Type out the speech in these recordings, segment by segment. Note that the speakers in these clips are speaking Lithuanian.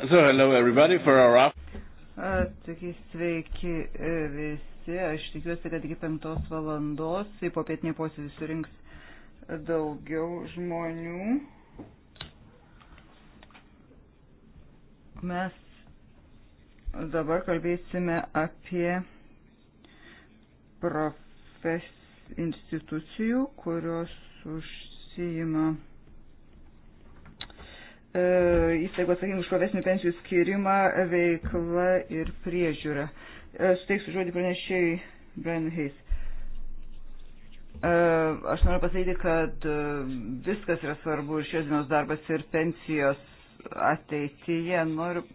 So, hello everybody for our Taigi sveiki e, visi, aš tikiuosi, kad iki penktos valandos į popietinį posėdį surinks daugiau žmonių. Mes dabar kalbėsime apie profes institucijų, kurios užsijima E, įstaigos atsakingų už profesinių pensijų skirimą, veiklą ir priežiūrą. E, suteiksiu žodį pranešėjai Brian Hayes. E, aš noriu pasakyti, kad viskas yra svarbu ir šios dienos darbas ir pensijos ateityje. Noriu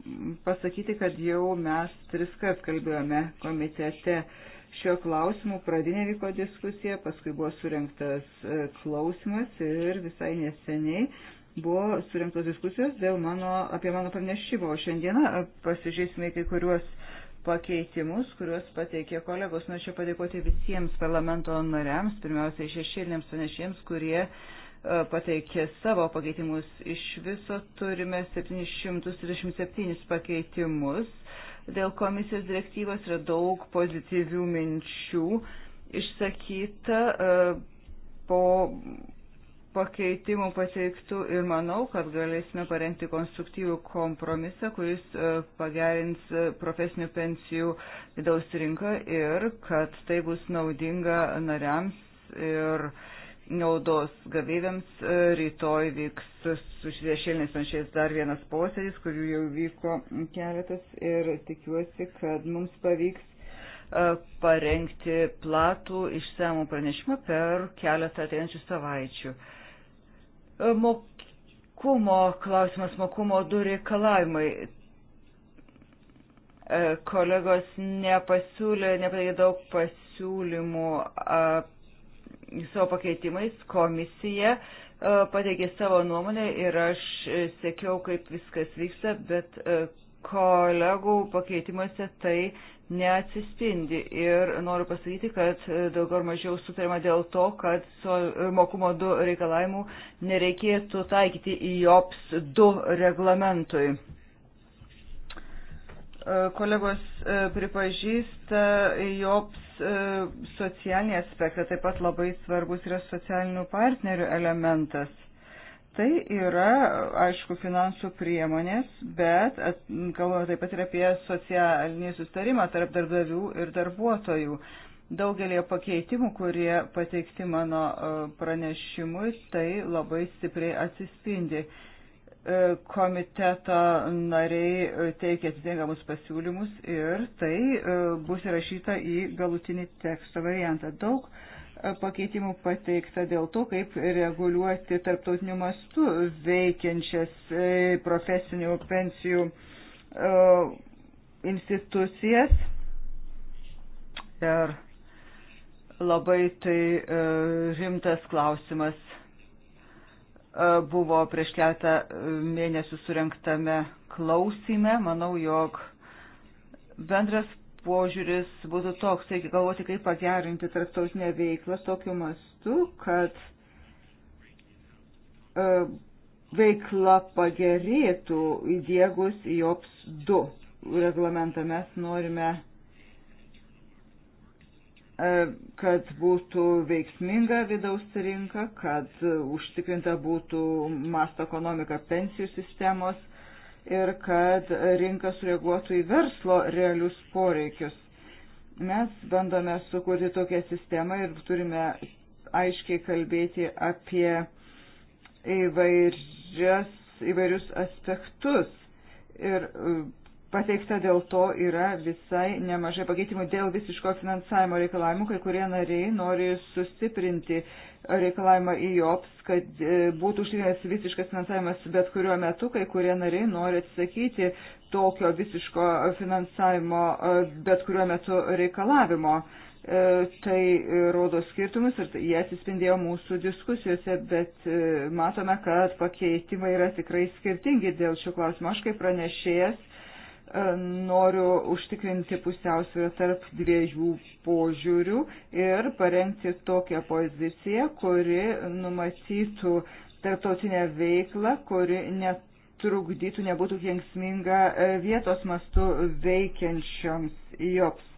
pasakyti, kad jau mes tris kart kalbėjome komitete šio klausimu. Pradinė vyko diskusija, paskui buvo surinktas klausimas ir visai neseniai buvo surinktos diskusijos dėl mano, apie mano pranešimą, o šiandieną pasižiūrėsime kai kuriuos pakeitimus, kuriuos pateikė kolegos. Norėčiau padėkoti visiems parlamento nariams, pirmiausiai šešėlėms pranešėjams, kurie e, pateikė savo pakeitimus. Iš viso turime 737 pakeitimus. Dėl komisijos direktyvos yra daug pozityvių minčių išsakyta e, po pakeitimų pateiktų ir manau, kad galėsime parengti konstruktyvų kompromisą, kuris e, pagerins e, profesinių pensijų vidaus rinką ir kad tai bus naudinga nariams ir naudos gavėjams. E, rytoj vyks su šviešėlinės anšiais dar vienas posėdis, kurių jau vyko keletas ir tikiuosi, kad mums pavyks parengti platų išsamų pranešimą per keletą ateinančių savaičių. E, mokumo klausimas, mokumo du reikalavimai. E, kolegos nepasiūlė, nepateikė daug pasiūlymų savo pakeitimais, komisija e, pateikė savo nuomonę ir aš sekiau, kaip viskas vyksta, bet kolegų pakeitimuose tai neatsispindi. Ir noriu pasakyti, kad daugiau ar mažiau sutarima dėl to, kad su mokumo 2 reikalavimu nereikėtų taikyti į JOPS 2 reglamentui. Kolegos e, pripažįsta JOPS e, socialinį aspektą, taip pat labai svarbus yra socialinių partnerių elementas Tai yra, aišku, finansų priemonės, bet kalbame taip pat ir apie socialinį sustarimą tarp darbdavių ir darbuotojų. Daugelį pakeitimų, kurie pateikti mano e, pranešimui, tai labai stipriai atsispindi e, komiteto nariai e, teikia atitinkamus pasiūlymus ir tai bus įrašyta į galutinį teksto variantą. Daug pakeitimų pateikta dėl to, kaip reguliuoti tarptautiniu mastu veikiančias e, profesinių pensijų e, institucijas. Ir labai tai e, rimtas klausimas buvo prieš keletą mėnesių surinktame klausime. Manau, jog bendras požiūris būtų toks, reikia galvoti, kaip pagerinti tarptautinę veiklą tokiu mastu, kad e, veikla pagerėtų įdėgus JOPS 2 reglamentą. Mes norime, e, kad būtų veiksminga vidaus rinka, kad užtikrinta būtų masto ekonomika pensijų sistemos ir kad rinka sureaguotų į verslo realius poreikius. Mes bandome sukurti tokią sistemą ir turime aiškiai kalbėti apie įvairias, įvairius aspektus. Ir e, pateikta dėl to yra visai nemažai pakeitimų dėl visiško finansavimo reikalavimų, kai kurie nariai nori sustiprinti reikalavimą į JOPS, kad e, būtų užtikrinęs visiškas finansavimas bet kuriuo metu, kai kurie nariai nori atsisakyti tokio visiško finansavimo e, bet kuriuo metu reikalavimo. E, tai rodo skirtumus ir jie atsispindėjo mūsų diskusijose, bet matome, kad pakeitimai yra tikrai skirtingi dėl šių klausimų. Aš kaip pranešėjas E, noriu užtikrinti pusiausvyrą tarp dviejų požiūrių ir parengti tokią poziciją, kuri numatytų tarptautinę veiklą, kuri netrukdytų, nebūtų kengsminga vietos mastu veikiančioms jops.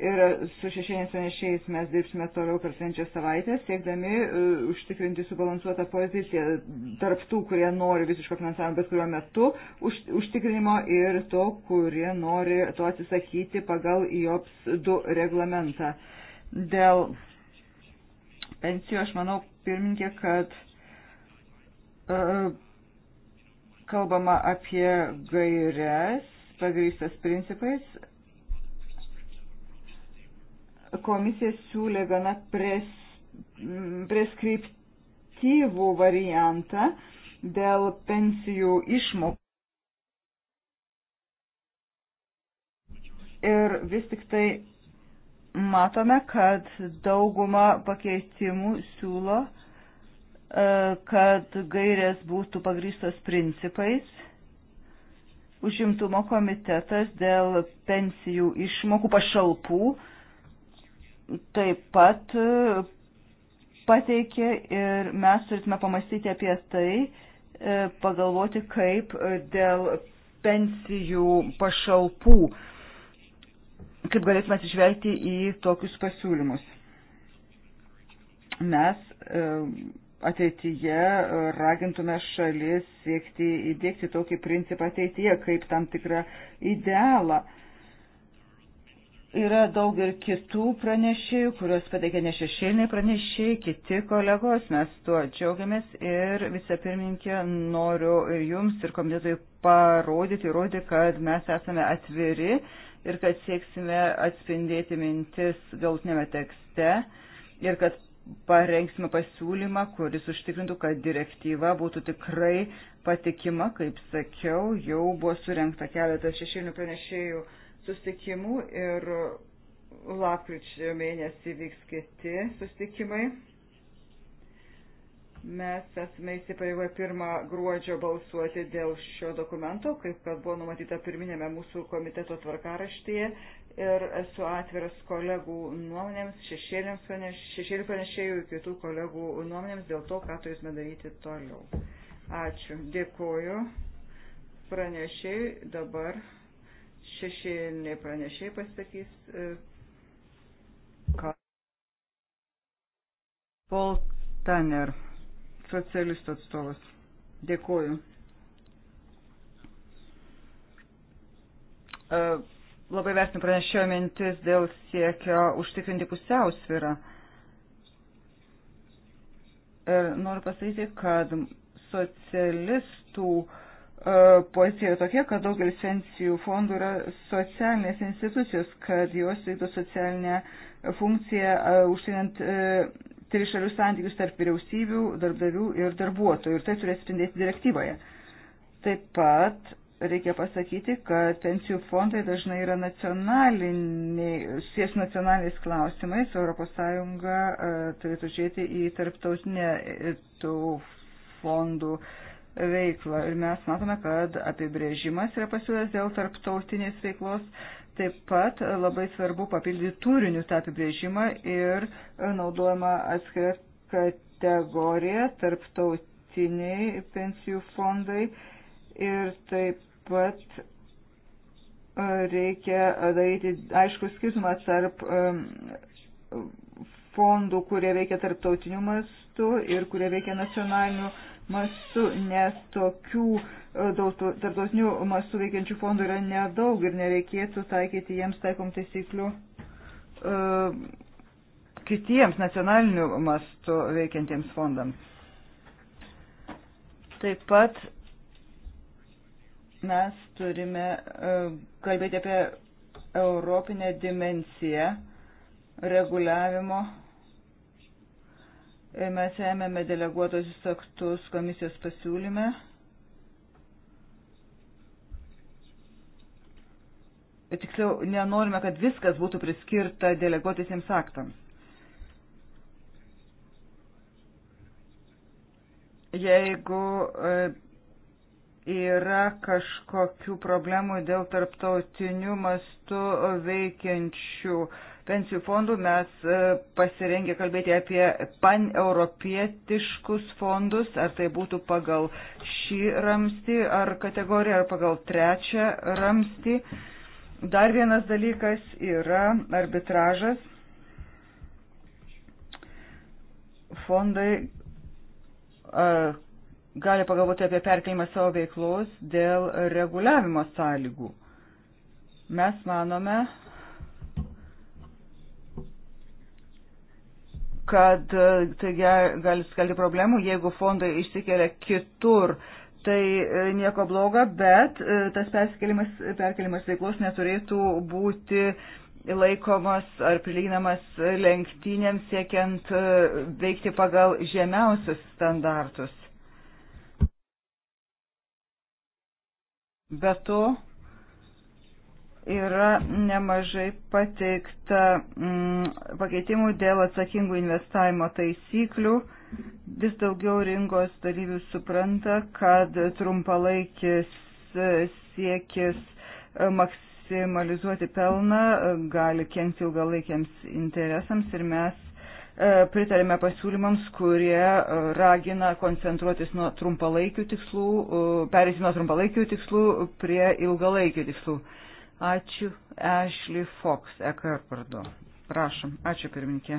Ir su šešėnės pranešėjais mes dirbsime toliau per senčią savaitę, siekdami uh, užtikrinti subalansuotą poziciją tarp tų, kurie nori visiško finansavimo bet kuriuo metu už, užtikrinimo ir to, kurie nori to atsisakyti pagal IOPS 2 reglamentą. Dėl pensijų aš manau, pirmininkė, kad uh, kalbama apie gairias pagrįstas principais Komisija siūlė gana pres, mm, preskriptyvų variantą dėl pensijų išmokų. Ir vis tik tai matome, kad dauguma pakeitimų siūlo, e, kad gairės būtų pagrįstos principais užimtumo komitetas dėl pensijų išmokų pašalpų taip pat e, pateikė ir mes turėtume pamastyti apie tai, e, pagalvoti kaip e, dėl pensijų pašalpų, kaip galėtume atsižvelgti į tokius pasiūlymus. Mes ateityje ragintume šalis siekti įdėkti tokį principą ateityje kaip tam tikrą idealą. Yra daug ir kitų pranešėjų, kuriuos pateikė ne šešėliniai pranešėjai, kiti kolegos, mes tuo džiaugiamės ir vicepirminkė noriu jums ir komitetui parodyti, įrodyti, kad mes esame atviri ir kad sieksime atspindėti mintis galtinėme tekste ir kad parengsime pasiūlymą, kuris užtikrintų, kad direktyva būtų tikrai patikima, kaip sakiau, jau buvo surinkta keletas šešėlinių pranešėjų susitikimų ir lapkričio mėnesį vyks kiti susitikimai. Mes esame įsipareigoję pirmą gruodžio balsuoti dėl šio dokumento, kaip kad buvo numatyta pirminėme mūsų komiteto tvarkaraštyje. Ir esu atviras kolegų nuomonėms, šešėlių pranešėjų ir kitų kolegų nuomonėms dėl to, ką turėsime daryti toliau. Ačiū. Dėkuoju. Pranešėjai dabar šešėliniai pranešiai pasakys. E, Paul Tanner, socialistų atstovas. Dėkuoju. E, labai vertinu pranešėjo mintis dėl siekio užtikrinti pusiausvyrą. Ir noriu pasakyti, kad socialistų uh, E, pozicija tokia, kad daugelis pensijų fondų yra socialinės institucijos, kad jos vykdo socialinę funkciją e, užsienant e, trišalius santykius tarp vyriausybių, darbdavių ir darbuotojų. Ir tai turės spindėti direktyvoje. Taip pat reikia pasakyti, kad pensijų fondai dažnai yra nacionaliniai, susijęs nacionaliniais klausimais, ES turėtų žiūrėti į tarptautinę tų fondų uh, veiklą. Ir mes matome, kad apibrėžimas yra pasiūlęs dėl tarptautinės veiklos. Taip pat labai svarbu papildyti turinių tą apibrėžimą ir naudojama atskira kategorija tarptautiniai pensijų fondai. Ir taip pat e, reikia daryti aišku skirtumą tarp e, fondų, kurie veikia tarptautiniu mastu ir kurie veikia nacionaliniu mastu, nes tokių e, tarptautinių mastų veikiančių fondų yra nedaug ir nereikėtų taikyti jiems taikom taisyklių e, kitiems nacionalinių mastų veikiantiems fondams. Taip pat mes turime e, kalbėti apie europinę dimensiją reguliavimo E, mes ėmėme deleguotosius aktus komisijos pasiūlyme. E, tiksliau, nenorime, kad viskas būtų priskirta deleguotisiems aktams. Jeigu e, yra kažkokių problemų dėl tarptautinių mastų veikiančių uh, pensijų fondų mes e, pasirengę kalbėti apie paneuropietiškus fondus, ar tai būtų pagal šį ramstį ar kategoriją, ar pagal trečią ramstį. Dar vienas dalykas yra arbitražas. Fondai a, e, gali pagalvoti apie perkelimą savo veiklos dėl reguliavimo sąlygų. Mes manome, kad tai gali skelti problemų, jeigu fondai išsikelia kitur. Tai e, nieko bloga, bet e, tas perkelimas, perkelimas veiklos neturėtų būti laikomas ar prilyginamas lenktynėms siekiant veikti pagal žemiausius standartus. Be to, yra nemažai pateikta mm, pakeitimų dėl atsakingų investavimo taisyklių. Vis daugiau rinkos dalyvių supranta, kad trumpalaikis e, siekis e, maksimalizuoti pelną e, gali kenkti ilgalaikiams interesams ir mes pritarėme pasiūlymams, kurie ragina koncentruotis nuo trumpalaikių tikslų, perėti nuo trumpalaikių tikslų prie ilgalaikių tikslų. Ačiū, Ashley Fox, EKR vardu. Prašom, ačiū pirminkė.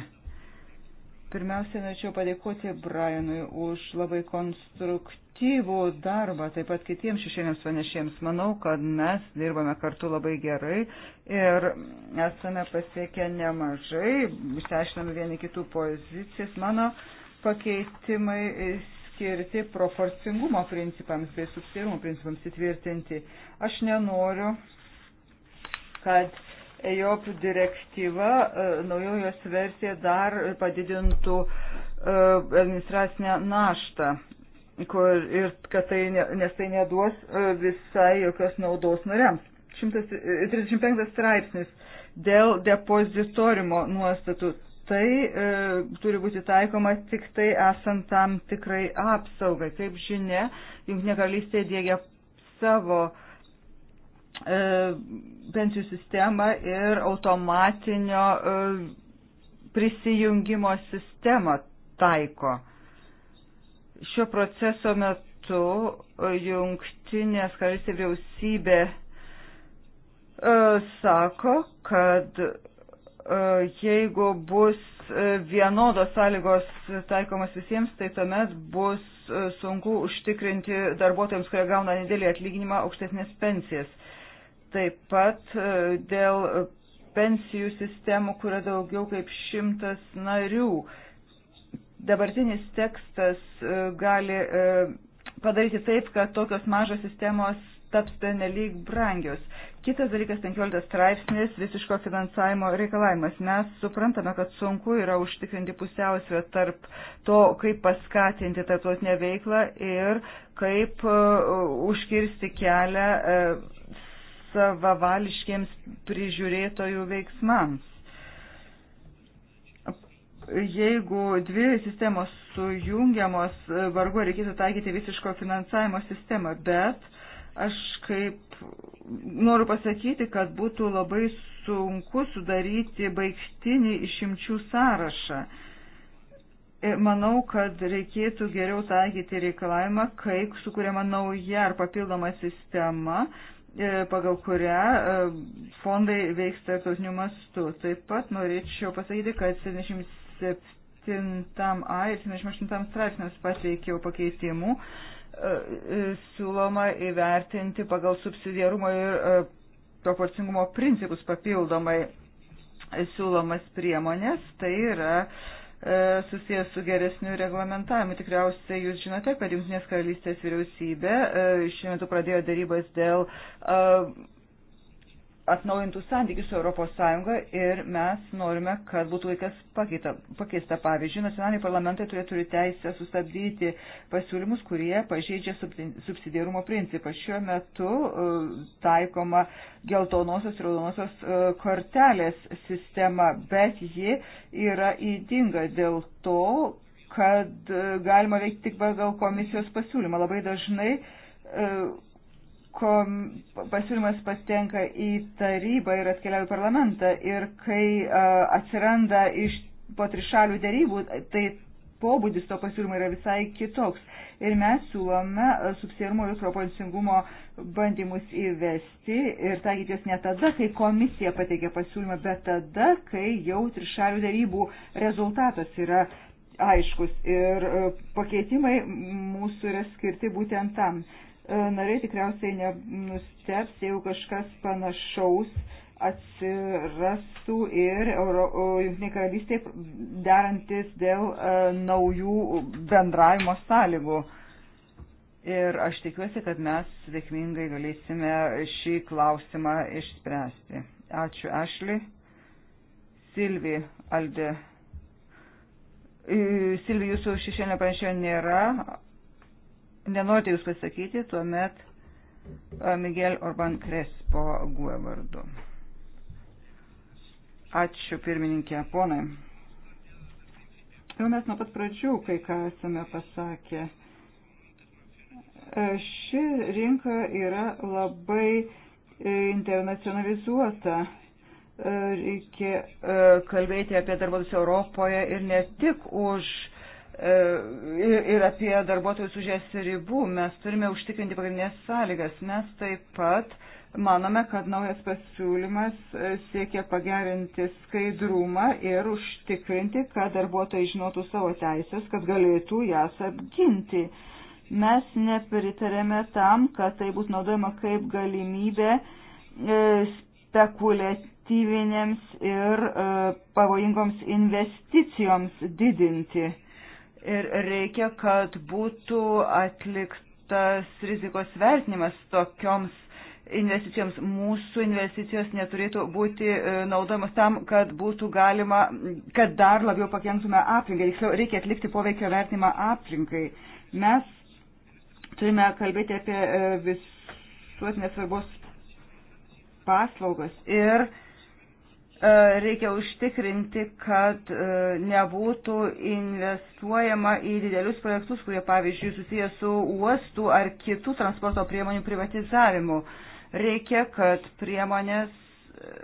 Pirmiausia, norėčiau padėkoti Brianui už labai konstruktyvų darbą, taip pat kitiems šešėliams panešėjams. Manau, kad mes dirbame kartu labai gerai ir esame pasiekę nemažai, išsiaiškiname vieni kitų pozicijas. Mano pakeitimai skirti proporcingumo principams bei subsidiarumo principams įtvirtinti. Aš nenoriu kad EOP direktyva, e, naujojos versija dar padidintų e, administracinę naštą kur, ir kad tai, ne, nes tai neduos e, visai jokios naudos nariams. 135 straipsnis dėl depozitorimo nuostatų. Tai e, turi būti taikoma tik tai esant tam tikrai apsaugai. Kaip žinia, Junktinė karalystė dėgia savo e, E, pensijų sistemą ir automatinio e, prisijungimo sistemą taiko. Šio proceso metu e, jungtinės karalystės vyriausybė sako, kad jeigu bus vienodos sąlygos taikomas visiems, tai tuomet bus sunku užtikrinti darbuotojams, kurie gauna nedėlį atlyginimą, aukštesnės pensijas. Taip pat e, dėl pensijų sistemų, kuria daugiau kaip šimtas narių. Dabartinis tekstas e, gali e, padaryti taip, kad tokios mažos sistemos taps penelyg brangios. Kitas dalykas, 15 straipsnis, visiško finansavimo reikalavimas. Mes suprantame, kad sunku yra užtikrinti pusiausvę tarp to, kaip paskatinti tarptautinę veiklą ir kaip uh, užkirsti kelią uh, savavališkiems prižiūrėtojų veiksmams. Jeigu dvi sistemos sujungiamos, vargu reikėtų taikyti visiško finansavimo sistemą, bet aš kaip noriu pasakyti, kad būtų labai sunku sudaryti baigtinį išimčių sąrašą. E, manau, kad reikėtų geriau taikyti reikalavimą, kai sukūriama nauja ar papildoma sistema, E, pagal kurią e, fondai veiks tarptautiniu mastu. Taip pat norėčiau pasakyti, kad 77a ir 78 straipsniams pateikiau pakeitimų e, siūloma įvertinti pagal subsidiarumo ir proporcingumo principus papildomai siūlomas priemonės, tai yra E, susijęs su geresniu reglamentavimu. Tikriausiai jūs žinote, kad Junktinės karalystės vyriausybė e, šiuo metu pradėjo darybas dėl e, atnaujintų santykius su ES ir mes norime, kad būtų laikas pakeita, pakeista. Pavyzdžiui, nacionaliniai parlamentai turėtų turi teisę sustabdyti pasiūlymus, kurie pažeidžia subsidiarumo principą. Šiuo metu e, taikoma geltonosios ir raudonosios e, kortelės sistema, bet ji yra įdinga dėl to, kad e, galima veikti tik pagal komisijos pasiūlymą. Labai dažnai kom, pasiūlymas patenka į tarybą ir atkeliauja į parlamentą. Ir kai a, atsiranda iš po trišalių dėrybų, tai pobūdis to pasiūlymo yra visai kitoks. Ir mes siūlome subsidiarumo ir proporcingumo bandymus įvesti ir taikytis ne tada, kai komisija pateikė pasiūlymą, bet tada, kai jau trišalių dėrybų rezultatas yra aiškus. Ir pakeitimai mūsų yra skirti būtent tam. E, nariai tikriausiai nenusteps, jeigu kažkas panašaus atsirastų ir Junktinė karalystė derantis dėl e, naujų bendravimo sąlygų. Ir aš tikiuosi, kad mes sėkmingai galėsime šį klausimą išspręsti. Ačiū, Ešli. Silvi, Aldė. Silvi, jūsų šešienio pranešėjo nėra nenorite tai jūs pasakyti, tuomet Miguel Orban Crespo GUE vardu. Ačiū pirmininkė, ponai. Jau mes nuo pat pradžių kai ką esame pasakę. E, ši rinka yra labai e, internacionalizuota. E, reikia kalbėti apie darbus Europoje ir ne tik už uh, E, ir apie darbuotojus už jas ribų. Mes turime užtikrinti pagrindinės sąlygas. Mes taip pat manome, kad naujas pasiūlymas e, siekia pagerinti skaidrumą ir užtikrinti, kad darbuotojai žinotų savo teisės, kad galėtų jas apginti. Mes nepritarėme tam, kad tai būtų naudojama kaip galimybė e, spekuliatyvinėms ir pavojingoms investicijoms didinti ir reikia, kad būtų atliktas rizikos vertinimas tokioms investicijoms. Mūsų investicijos neturėtų būti e, naudojamos tam, kad būtų galima, kad dar labiau pakenktume aplinkai. Tiksliau, reikia atlikti poveikio vertinimą aplinkai. Mes turime kalbėti apie e, visuotinės svarbos paslaugas ir uh, E, reikia užtikrinti, kad e, nebūtų investuojama į didelius projektus, kurie, pavyzdžiui, susiję su uostų ar kitų transporto priemonių privatizavimu. Reikia, kad priemonės, e,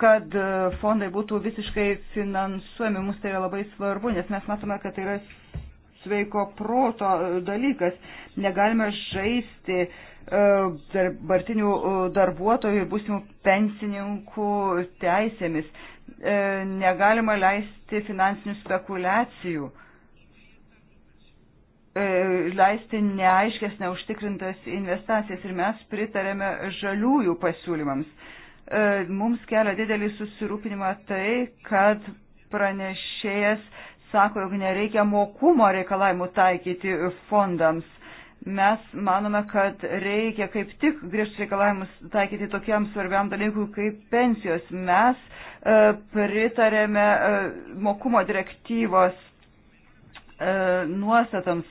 kad fondai būtų visiškai finansuojami. Mums tai yra labai svarbu, nes mes matome, kad tai yra sveiko proto e, dalykas. Negalime žaisti e, dabartinių e, darbuotojų ir būsimų pensininkų teisėmis. Negalima leisti finansinių spekulacijų leisti neaiškės, neužtikrintas investacijas ir mes pritarėme žaliųjų pasiūlymams. Mums kelia didelį susirūpinimą tai, kad pranešėjas sako, jog nereikia mokumo reikalavimų taikyti fondams. Mes manome, kad reikia kaip tik griežtus reikalavimus taikyti tokiam svarbiam dalykui kaip pensijos. Mes e, pritarėme e, mokumo direktyvos e, nuostatams.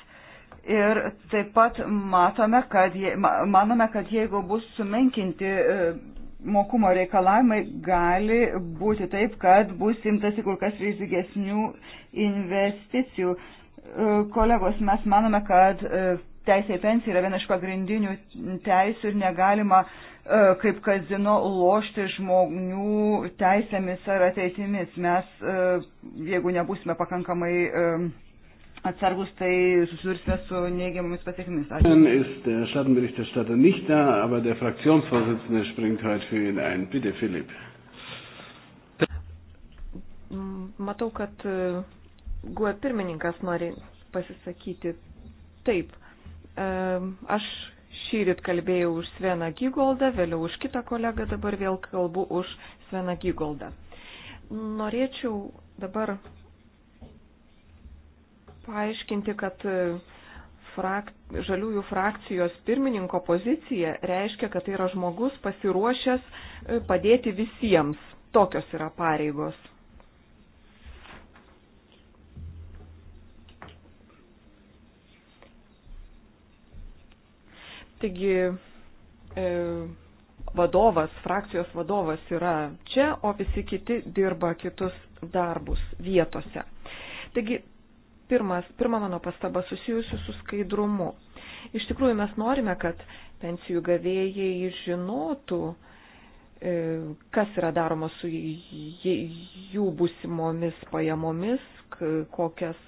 Ir taip pat matome, kad, je, manome, kad jeigu bus sumenkinti e, mokumo reikalavimai gali būti taip, kad bus imtasi kur kas rizigesnių investicijų. E, kolegos, mes manome, kad e, teisė į pensiją yra viena iš pagrindinių teisų ir negalima e, kaip kazino lošti žmonių teisėmis ar ateitimis. Mes, jeigu nebūsime pakankamai atsargus, tai susidursime su neigiamomis pasiekmėmis. Ist der Schattenberichterstatter nicht da, aber der Fraktionsvorsitzende springt heute für ihn ein. Bitte, Philipp. Matau, kad GUE e pirmininkas nori pasisakyti taip. E, aš šį ryt kalbėjau už Sveną Gygoldą, vėliau už kitą kolegą, dabar vėl kalbu už Sveną Gygoldą. Norėčiau dabar paaiškinti, kad e, frak, žaliųjų frakcijos pirmininko pozicija reiškia, kad tai yra žmogus pasiruošęs e, padėti visiems. Tokios yra pareigos. Taigi e, vadovas, frakcijos vadovas yra čia, o visi kiti dirba kitus darbus vietose. Taigi pirmas, pirma mano pastaba susijusi su skaidrumu. Iš tikrųjų mes norime, kad pensijų gavėjai žinotų, e, kas yra daroma su jų būsimomis pajamomis, kokias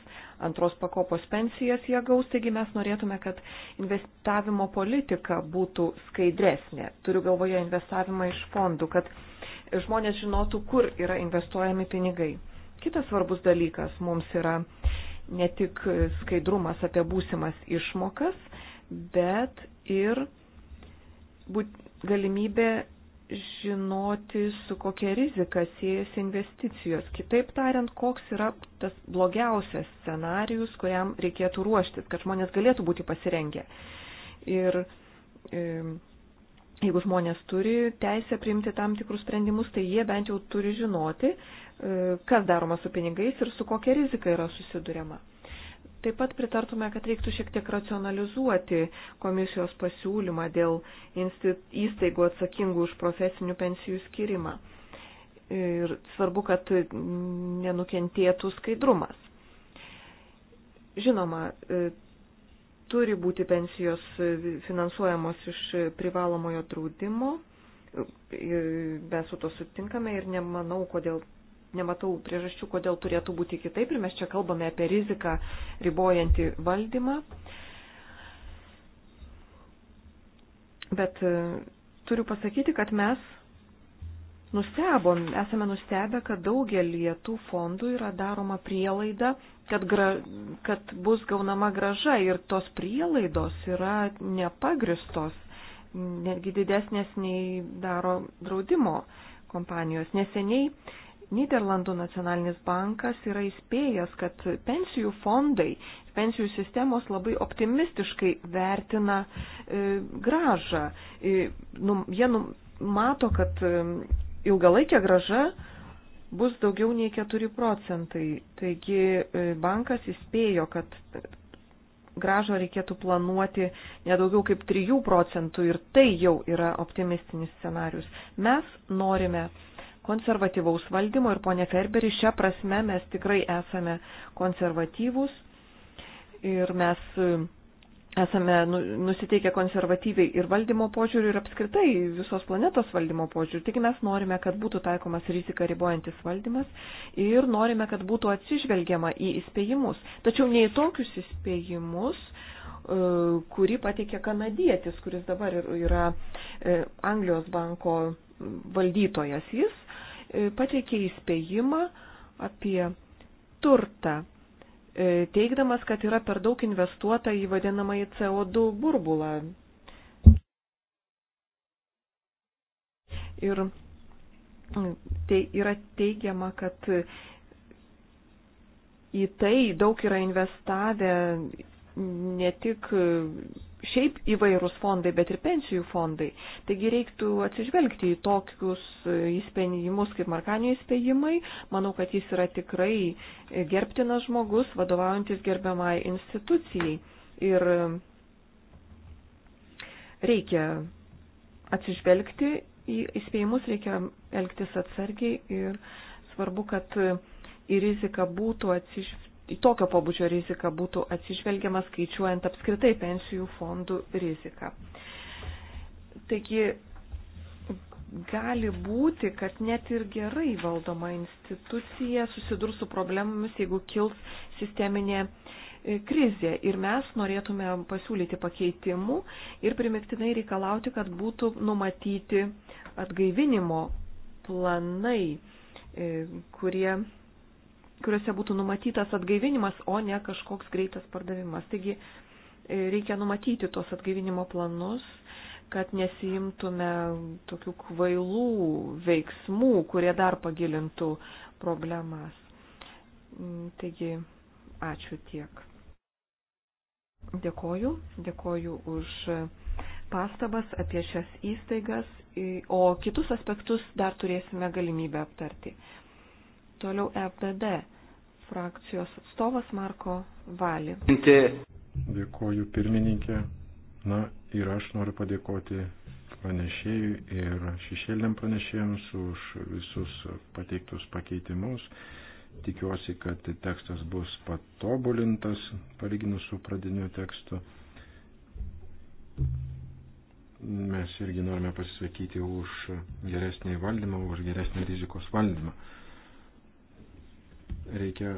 antros pakopos pensijas jie gaus, taigi mes norėtume, kad investavimo politika būtų skaidresnė. Turiu galvoje investavimą iš fondų, kad žmonės žinotų, kur yra investuojami pinigai. Kitas svarbus dalykas mums yra ne tik skaidrumas apie būsimas išmokas, bet ir būt, galimybė žinoti, su kokia rizika siejasi investicijos. Kitaip tariant, koks yra tas blogiausias scenarius, kuriam reikėtų ruoštis, kad žmonės galėtų būti pasirengę. Ir e, jeigu žmonės turi teisę priimti tam tikrus sprendimus, tai jie bent jau turi žinoti, E, kas daroma su pinigais ir su kokia rizika yra susidurima. Taip pat pritartume, kad reiktų šiek tiek racionalizuoti komisijos pasiūlymą dėl įstaigų atsakingų už profesinių pensijų skirimą. Ir svarbu, kad nenukentėtų skaidrumas. Žinoma, e, turi būti pensijos finansuojamos iš privalomojo draudimo, e, mes su to sutinkame ir nemanau, kodėl nematau priežasčių, kodėl turėtų būti kitaip ir mes čia kalbame apie riziką ribojantį valdymą. Bet e, turiu pasakyti, kad mes nustebom, esame nustebę, kad daugelį tų fondų yra daroma prielaida, kad, gra, kad bus gaunama graža ir tos prielaidos yra nepagristos, netgi didesnės nei daro draudimo kompanijos. Neseniai Niderlandų nacionalinis bankas yra įspėjęs, kad pensijų fondai, pensijų sistemos labai optimistiškai vertina e, gražą. E, nu, jie nu, mato, kad e, ilgalaikė graža bus daugiau nei 4 procentai. Taigi e, bankas įspėjo, kad gražą reikėtų planuoti nedaugiau kaip 3 procentų ir tai jau yra optimistinis scenarius. Mes norime konservatyvaus valdymo ir ponė Ferberi, šią prasme mes tikrai esame konservatyvūs ir mes e, esame nu, nusiteikę konservatyviai ir valdymo požiūrių ir apskritai visos planetos valdymo požiūrių. Tik mes norime, kad būtų taikomas riziką ribojantis valdymas ir norime, kad būtų atsižvelgiama į įspėjimus. Tačiau ne į tokius įspėjimus, e, kurį pateikė kanadietis, kuris dabar yra e, Anglijos banko valdytojas. Jis E, pateikė įspėjimą apie turtą, e, teikdamas, kad yra per daug investuota į vadinamąjį CO2 burbulą. Ir tai yra teigiama, kad į tai daug yra investavę ne tik šiaip įvairūs fondai, bet ir pensijų fondai. Taigi reiktų atsižvelgti į tokius įspėjimus kaip Markanio įspėjimai. Manau, kad jis yra tikrai gerbtinas žmogus, vadovaujantis gerbiamai institucijai. Ir reikia atsižvelgti į įspėjimus, reikia elgtis atsargiai ir svarbu, kad į riziką būtų atsižvelgti į tokio pobūdžio riziką būtų atsižvelgiama skaičiuojant apskritai pensijų fondų riziką. Taigi gali būti, kad net ir gerai valdoma institucija susidurs su problemomis, jeigu kils sisteminė e, krizė. Ir mes norėtume pasiūlyti pakeitimų ir primiktinai reikalauti, kad būtų numatyti atgaivinimo planai, e, kurie kuriuose būtų numatytas atgaivinimas, o ne kažkoks greitas pardavimas. Taigi e, reikia numatyti tos atgaivinimo planus, kad nesiimtume tokių kvailų veiksmų, kurie dar pagilintų problemas. Mm, taigi, ačiū tiek. Dėkoju, dėkoju už pastabas apie šias įstaigas, o kitus aspektus dar turėsime galimybę aptarti. Toliau FDD e frakcijos atstovas Marko Valį. Dėkoju pirmininkė. Na ir aš noriu padėkoti pranešėjui ir šešėliniam pranešėjams už visus pateiktus pakeitimus. Tikiuosi, kad tekstas bus patobulintas palyginus su pradiniu tekstu. Mes irgi norime pasisakyti už geresnį valdymą, už geresnį rizikos valdymą reikia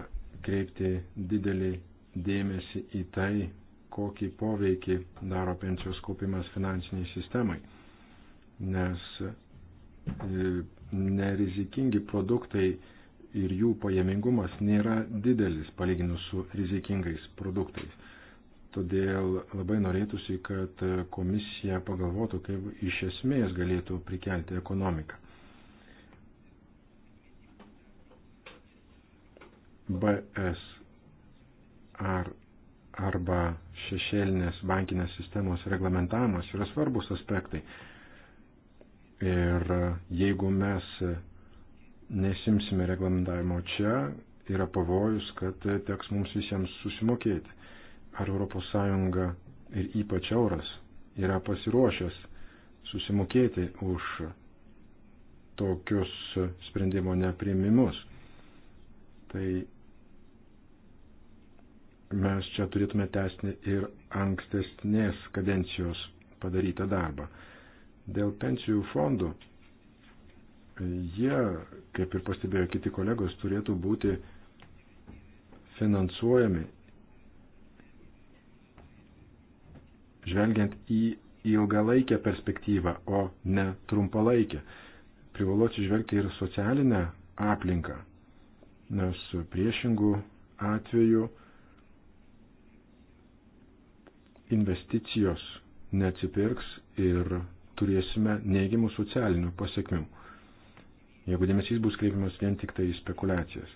kreipti didelį dėmesį į tai, kokį poveikį daro pensijos kaupimas finansiniai sistemai. Nes e, nerizikingi produktai ir jų pajamingumas nėra didelis palyginus su rizikingais produktais. Todėl labai norėtųsi, kad komisija pagalvotų, kaip iš esmės galėtų prikelti ekonomiką. BSR arba šešėlinės bankinės sistemos reglamentavimas yra svarbus aspektai. Ir jeigu mes nesimsime reglamentavimo čia, yra pavojus, kad teks mums visiems susimokėti. Ar ES ir ypač euras yra pasiruošęs susimokėti už tokius sprendimo neprimimus. Tai mes čia turėtume tęsti ir ankstesnės kadencijos padarytą darbą. Dėl pensijų fondų jie, kaip ir pastebėjo kiti kolegos, turėtų būti finansuojami žvelgiant į ilgalaikę perspektyvą, o ne trumpalaikę. Privalu atsižvelgti ir socialinę aplinką, nes priešingų atveju investicijos neatsipirks ir turėsime neigiamų socialinių pasiekmių, jeigu dėmesys bus kreipiamas vien tik tai į spekulacijas.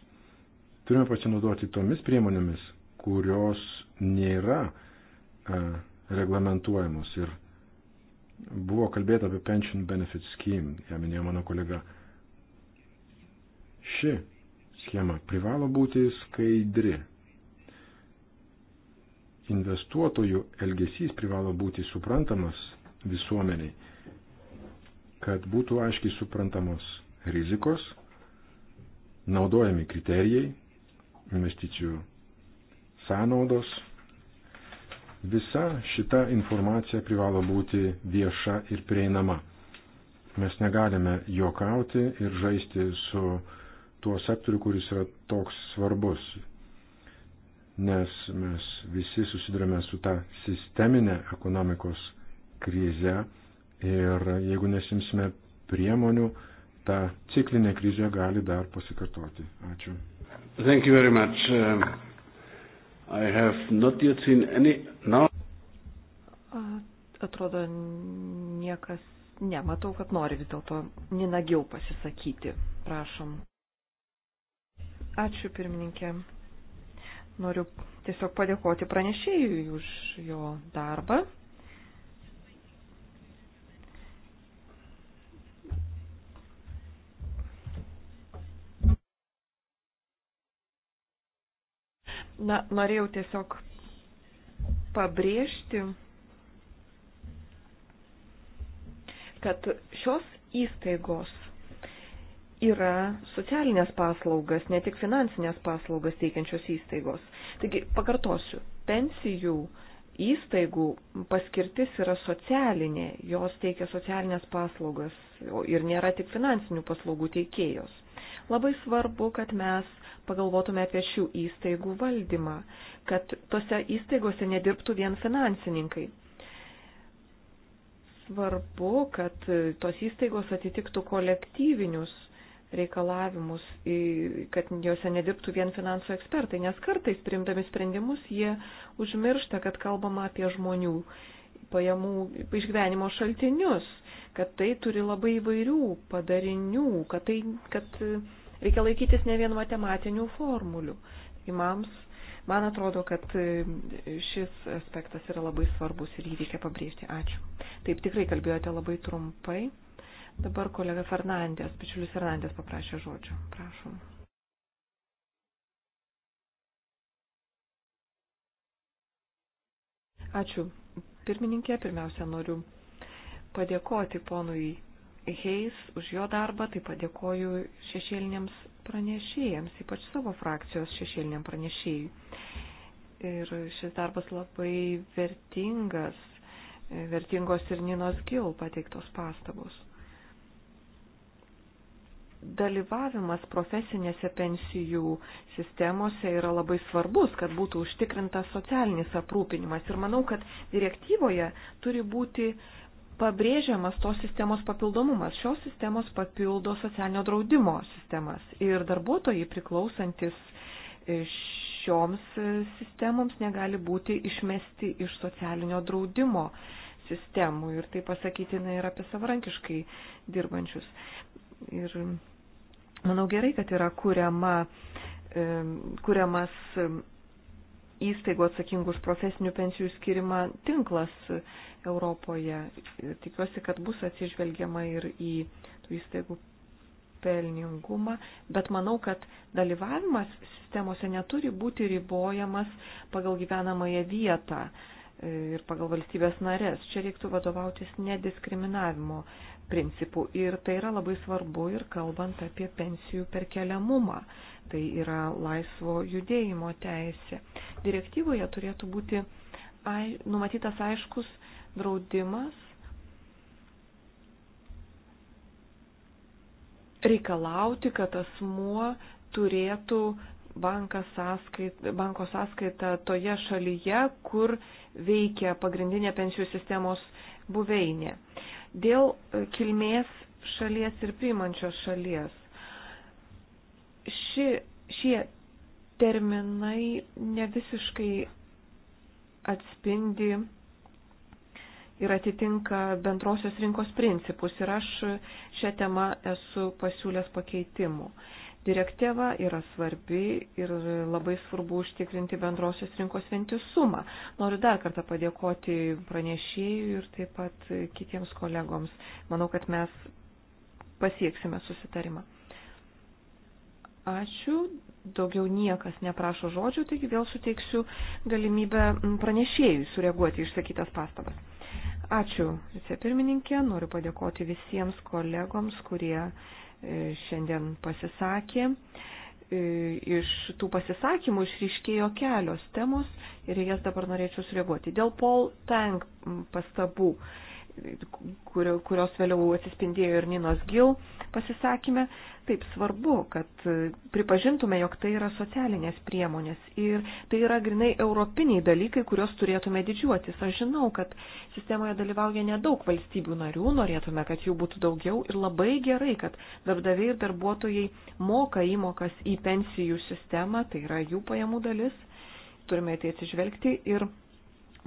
Turime pasinaudoti tomis priemonėmis, kurios nėra e, reglamentuojamos ir buvo kalbėta apie Pension Benefit Scheme, ją minėjo mano kolega. Ši schema privalo būti skaidri, investuotojų elgesys privalo būti suprantamas visuomeniai, kad būtų aiškiai suprantamos rizikos, naudojami kriterijai, investicijų sąnaudos. Visa šita informacija privalo būti vieša ir prieinama. Mes negalime juokauti ir žaisti su tuo sektoriu, kuris yra toks svarbus nes mes visi susidurime su tą sisteminę ekonomikos krizę ir jeigu nesimsime priemonių, ta ciklinė krizė gali dar pasikartoti. Ačiū. Thank you very much. Um, I have not yet seen any. No. Atrodo, niekas. Ne, matau, kad nori vis dėlto nenagiau pasisakyti. Prašom. Ačiū pirmininkė. Noriu tiesiog padėkoti pranešėjui už jo darbą. Na, norėjau tiesiog pabrėžti, kad šios įstaigos yra socialinės paslaugas, ne tik finansinės paslaugas teikiančios įstaigos. Taigi, pakartosiu, pensijų įstaigų paskirtis yra socialinė, jos teikia socialinės paslaugas ir nėra tik finansinių paslaugų teikėjos. Labai svarbu, kad mes pagalvotume apie šių įstaigų valdymą, kad tose įstaigose nedirbtų vien finansininkai. Svarbu, kad tos įstaigos atitiktų kolektyvinius reikalavimus, kad juose nedirbtų vien finansų ekspertai, nes kartais priimdami sprendimus jie užmiršta, kad kalbama apie žmonių pajamų išgyvenimo šaltinius, kad tai turi labai įvairių padarinių, kad, tai, kad reikia laikytis ne vien matematinių formulių. Imams, man atrodo, kad šis aspektas yra labai svarbus ir jį reikia pabrėžti. Ačiū. Taip tikrai kalbėjote labai trumpai. Dabar kolega Fernandės, bičiulis Fernandės paprašė žodžio. Prašom. Ačiū. Pirmininkė, pirmiausia, noriu padėkoti ponui Heis už jo darbą, taip padėkoju šešėliniams pranešėjams, ypač savo frakcijos šešėliniam pranešėjui. Ir šis darbas labai vertingas, vertingos ir Ninos Gil pateiktos pastabos dalyvavimas profesinėse pensijų sistemose yra labai svarbus, kad būtų užtikrintas socialinis aprūpinimas. Ir manau, kad direktyvoje turi būti pabrėžiamas tos sistemos papildomumas. Šios sistemos papildo socialinio draudimo sistemas ir darbuotojai priklausantis e, šioms sistemoms negali būti išmesti iš socialinio draudimo sistemų ir tai pasakytina ir apie savarankiškai dirbančius. Ir Manau gerai, kad yra kuriama, e, kuriamas e, įstaigų atsakingus profesinių pensijų skirimą tinklas Europoje. Tikiuosi, kad bus atsižvelgiama ir į tų įstaigų pelningumą, bet manau, kad dalyvavimas sistemose neturi būti ribojamas pagal gyvenamąją vietą e, ir pagal valstybės narės. Čia reiktų vadovautis nediskriminavimo principų. Ir tai yra labai svarbu ir kalbant apie pensijų perkeliamumą. Tai yra laisvo judėjimo teisė. Direktyvoje turėtų būti ai, numatytas aiškus draudimas reikalauti, kad asmuo turėtų sąskait, banko sąskaitą toje šalyje, kur veikia pagrindinė pensijų sistemos buveinė. Uh, dėl e, kilmės šalies ir priimančios šalies. Ši, šie terminai nevisiškai atspindi ir atitinka bendrosios rinkos principus ir aš šią temą esu pasiūlęs pakeitimų. Direktyva yra svarbi ir labai svarbu užtikrinti bendrosios rinkos vientisumą. Noriu dar kartą padėkoti pranešėjui ir taip pat kitiems kolegoms. Manau, kad mes pasieksime susitarimą. Ačiū. Daugiau niekas neprašo žodžių, taigi vėl suteiksiu galimybę pranešėjui sureaguoti išsakytas pastabas. Ačiū vicepirmininkė, noriu padėkoti visiems kolegoms, kurie uh, E, šiandien pasisakė. E, iš tų pasisakymų išryškėjo kelios temos ir jas dabar norėčiau sureaguoti. Dėl Paul Tank pastabų kurios vėliau atsispindėjo ir Ninos Gil pasisakymė, taip svarbu, kad pripažintume, jog tai yra socialinės priemonės ir tai yra grinai europiniai dalykai, kuriuos turėtume didžiuotis. Aš žinau, kad sistemoje dalyvauja nedaug valstybių narių, norėtume, kad jų būtų daugiau ir labai gerai, kad darbdaviai ir darbuotojai moka įmokas į pensijų sistemą, tai yra jų pajamų dalis, turime į tai atsižvelgti ir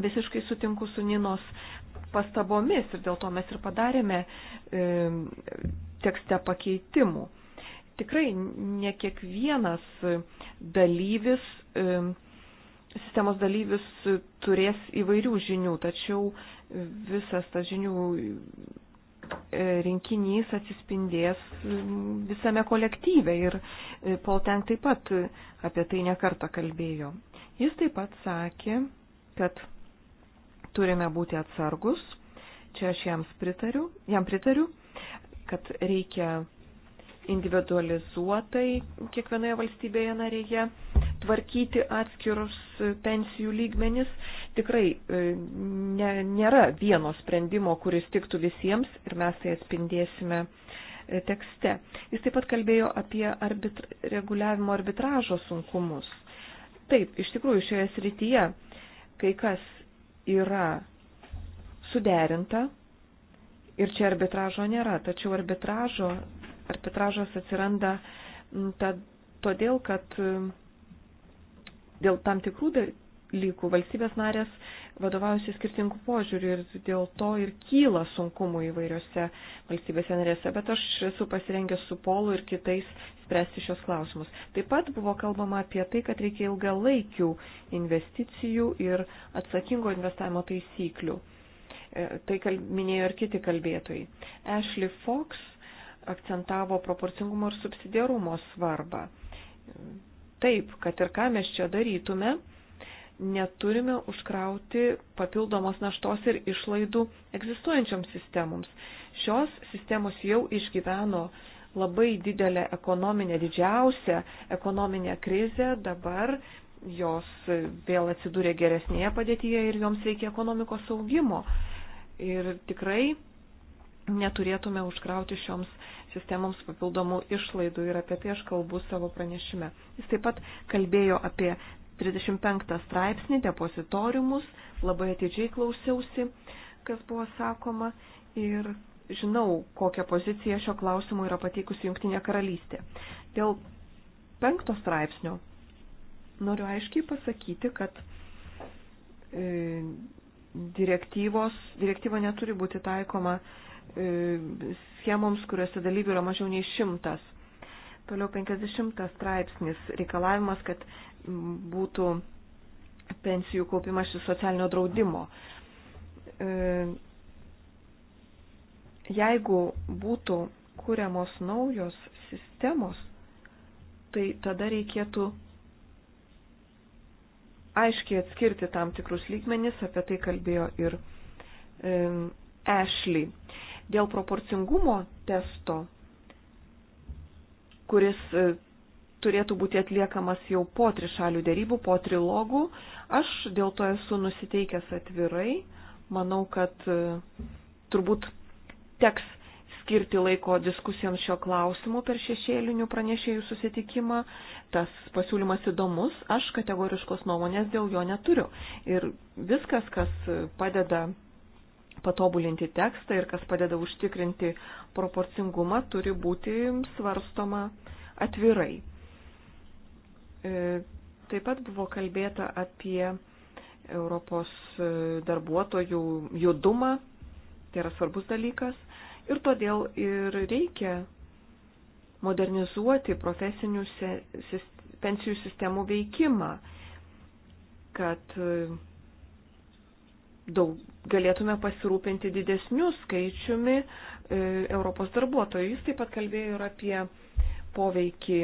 visiškai sutinku su Ninos pastabomis ir dėl to mes ir padarėme e, tekste pakeitimų. Tikrai ne kiekvienas dalyvis, e, sistemos dalyvis turės įvairių žinių, tačiau visas tas žinių e, rinkinys atsispindės visame kolektyve ir e, Paul Tank taip pat apie tai nekartą kalbėjo. Jis taip pat sakė, kad turime būti atsargus. Čia aš jam pritariu, jam pritariu, kad reikia individualizuotai kiekvienoje valstybėje narėje tvarkyti atskirus pensijų lygmenis. Tikrai e, ne, nėra vieno sprendimo, kuris tiktų visiems ir mes tai atspindėsime e, tekste. Jis taip pat kalbėjo apie arbitra, reguliavimo arbitražo sunkumus. Taip, iš tikrųjų šioje srityje kai kas yra suderinta ir čia arbitražo nėra, tačiau arbitražo, arbitražas atsiranda tad, todėl, kad dėl tam tikrų dalykų valstybės narės vadovaujasi skirtingų požiūrių ir dėl to ir kyla sunkumų įvairiose valstybėse narėse, bet aš esu pasirengęs su Polu ir kitais spręsti šios klausimus. Taip pat buvo kalbama apie tai, kad reikia ilgalaikių investicijų ir atsakingo investavimo taisyklių. E, tai minėjo ir kiti kalbėtojai. Ashley Fox akcentavo proporcingumo ir subsidiarumo svarbą. Taip, kad ir ką mes čia darytume, neturime užkrauti papildomos naštos ir išlaidų egzistuojančioms sistemoms. Šios sistemos jau išgyveno labai didelę ekonominę, didžiausią ekonominę krizę, dabar jos vėl atsidūrė geresnėje padėtyje ir joms reikia ekonomikos augimo. Ir tikrai neturėtume užkrauti šioms sistemoms papildomų išlaidų ir apie tai aš kalbu savo pranešime. Jis taip pat kalbėjo apie 35 straipsnį, depozitoriumus, labai atidžiai klausiausi, kas buvo sakoma ir žinau, kokią poziciją šio klausimu yra pateikusi Junktinė karalystė. Dėl penkto straipsnio noriu aiškiai pasakyti, kad e, direktyva neturi būti taikoma e, schemoms, kuriuose dalyvių yra mažiau nei šimtas. Toliau 50 straipsnis reikalavimas, kad būtų pensijų kaupimas iš socialinio draudimo. E, jeigu būtų kuriamos naujos sistemos, tai tada reikėtų aiškiai atskirti tam tikrus lygmenis, apie tai kalbėjo ir Ashley. Dėl proporcingumo testo kuris e, turėtų būti atliekamas jau po trišalių dėrybų, po trilogų. Aš dėl to esu nusiteikęs atvirai. Manau, kad e, turbūt teks skirti laiko diskusijoms šio klausimu per šešėlinių pranešėjų susitikimą. Tas pasiūlymas įdomus, aš kategoriškos nuomonės dėl jo neturiu. Ir viskas, kas padeda patobulinti tekstą ir kas padeda užtikrinti proporcingumą, turi būti svarstoma atvirai. E, taip pat buvo kalbėta apie Europos e, darbuotojų judumą, tai yra svarbus dalykas, ir todėl ir reikia modernizuoti profesinių pensijų sistemų veikimą, kad e, daug, galėtume pasirūpinti didesnių skaičiumi e, Europos darbuotojų. Jis taip pat kalbėjo ir apie poveikį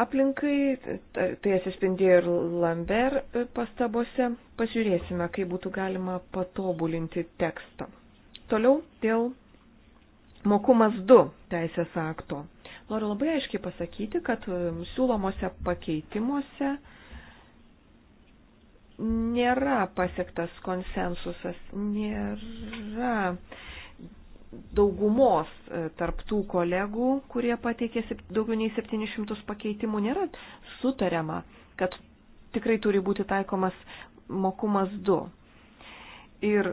aplinkai, tai, tai atsispindėjo ir Lambert e, pastabose. Pažiūrėsime, kaip būtų galima patobulinti tekstą. Toliau dėl mokumas 2 teisės akto. Noriu labai aiškiai pasakyti, kad e, siūlomose pakeitimuose nėra pasiektas konsensusas, nėra daugumos e, tarptų kolegų, kurie pateikė daugiau nei 700 pakeitimų, nėra sutariama, kad tikrai turi būti taikomas mokumas 2. Ir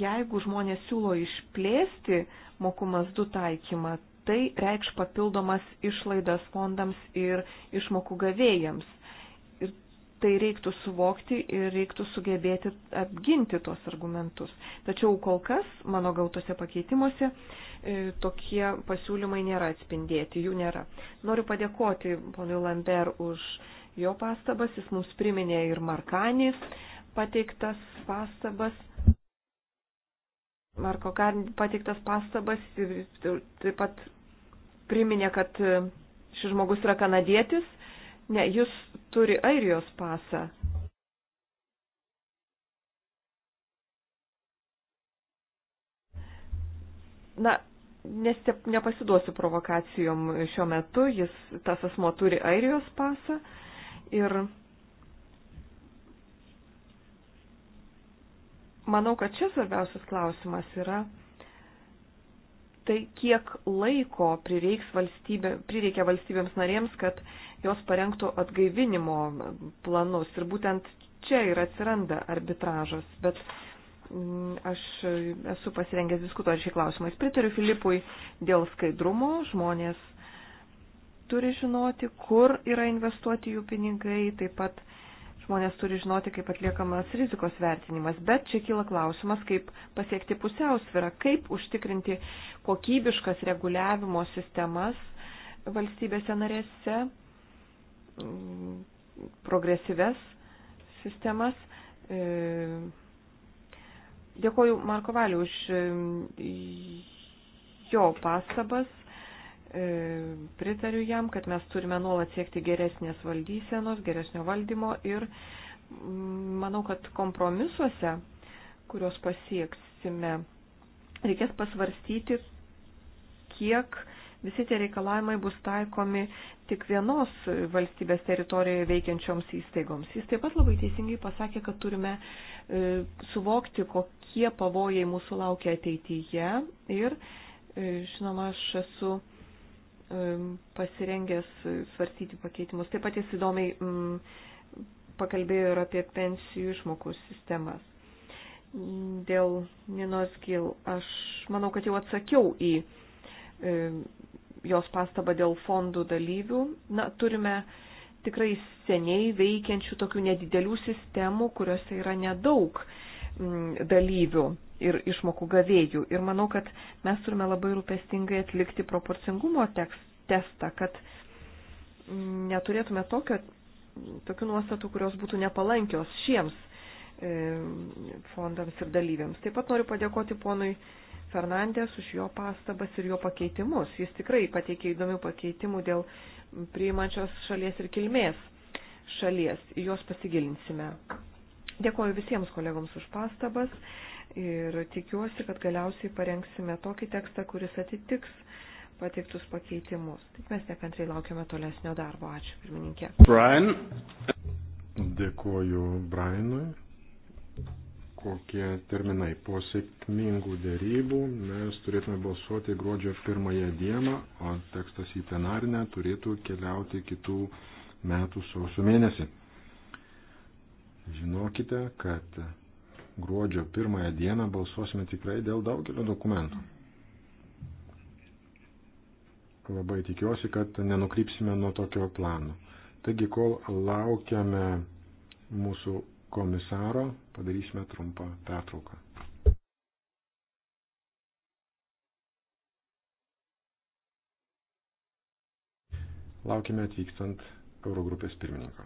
jeigu žmonės siūlo išplėsti mokumas 2 taikymą, tai reikš papildomas išlaidas fondams ir išmokų gavėjams tai reiktų suvokti ir reiktų sugebėti apginti tuos argumentus. Tačiau kol kas mano gautose pakeitimuose e, tokie pasiūlymai nėra atspindėti, jų nėra. Noriu padėkoti ponui Lambert už jo pastabas, jis mums priminė ir Markanį pateiktas pastabas. Marko Karni pateiktas pastabas taip pat priminė, kad šis žmogus yra kanadietis Ne, jis turi airijos pasą. Na, nes nepasiduosiu provokacijom šiuo metu, jis, tas asmo turi airijos pasą ir manau, kad čia svarbiausias klausimas yra tai, kiek laiko prireiks valstybė, prireikia valstybėms narėms, kad jos parengtų atgaivinimo planus. Ir būtent čia ir atsiranda arbitražas. Bet mm, aš esu pasirengęs diskutuoti šį klausimą. Aš pritariu Filipui dėl skaidrumo. Žmonės turi žinoti, kur yra investuoti jų pinigai, taip pat žmonės turi žinoti, kaip atliekamas rizikos vertinimas. Bet čia kyla klausimas, kaip pasiekti pusiausvirą, kaip užtikrinti kokybiškas reguliavimo sistemas valstybėse narėse progresyves sistemas. E, dėkoju Marko Valiu už e, jo pastabas. E, pritariu jam, kad mes turime nuolat siekti geresnės valdysenos, geresnio valdymo ir mm, manau, kad kompromisuose, kuriuos pasieksime, reikės pasvarstyti, kiek uh, visi tie reikalavimai bus taikomi tik vienos valstybės teritorijoje veikiančioms įstaigoms. Jis taip pat labai teisingai pasakė, kad turime e, suvokti, kokie pavojai mūsų laukia ateityje ir, e, žinoma, aš esu e, pasirengęs svarstyti pakeitimus. Taip pat jis įdomiai m, mm, pakalbėjo ir apie pensijų išmokų sistemas dėl Ninos Gil. Aš manau, kad jau atsakiau į E, jos pastabą dėl fondų dalyvių. Na, turime tikrai seniai veikiančių tokių nedidelių sistemų, kuriuose yra nedaug dalyvių ir išmokų gavėjų. Ir manau, kad mes turime labai rūpestingai atlikti proporcingumo tekst, testą, kad neturėtume tokio, tokių nuostatų, kurios būtų nepalankios šiems e, fondams ir dalyviams. Taip pat noriu padėkoti ponui Fernandės už jo pastabas ir jo pakeitimus. Jis tikrai pateikė įdomių pakeitimų dėl priimančios šalies ir kilmės šalies. Į juos pasigilinsime. Dėkoju visiems kolegoms už pastabas ir tikiuosi, kad galiausiai parengsime tokį tekstą, kuris atitiks pateiktus pakeitimus. Tik mes nekantrai laukiame tolesnio darbo. Ačiū, pirmininkė. Brian. Dėkoju Brianui kokie terminai. Po sėkmingų dėrybų mes turėtume balsuoti gruodžio pirmąją dieną, o tekstas į plenarinę turėtų keliauti kitų metų sausio mėnesį. Žinokite, kad gruodžio pirmąją dieną balsuosime tikrai dėl daugelio dokumentų. Labai tikiuosi, kad nenukrypsime nuo tokio plano. Taigi, kol laukiame mūsų komisaro padarysime trumpą pertrauką. Laukime atvykstant Eurogrupės pirmininko.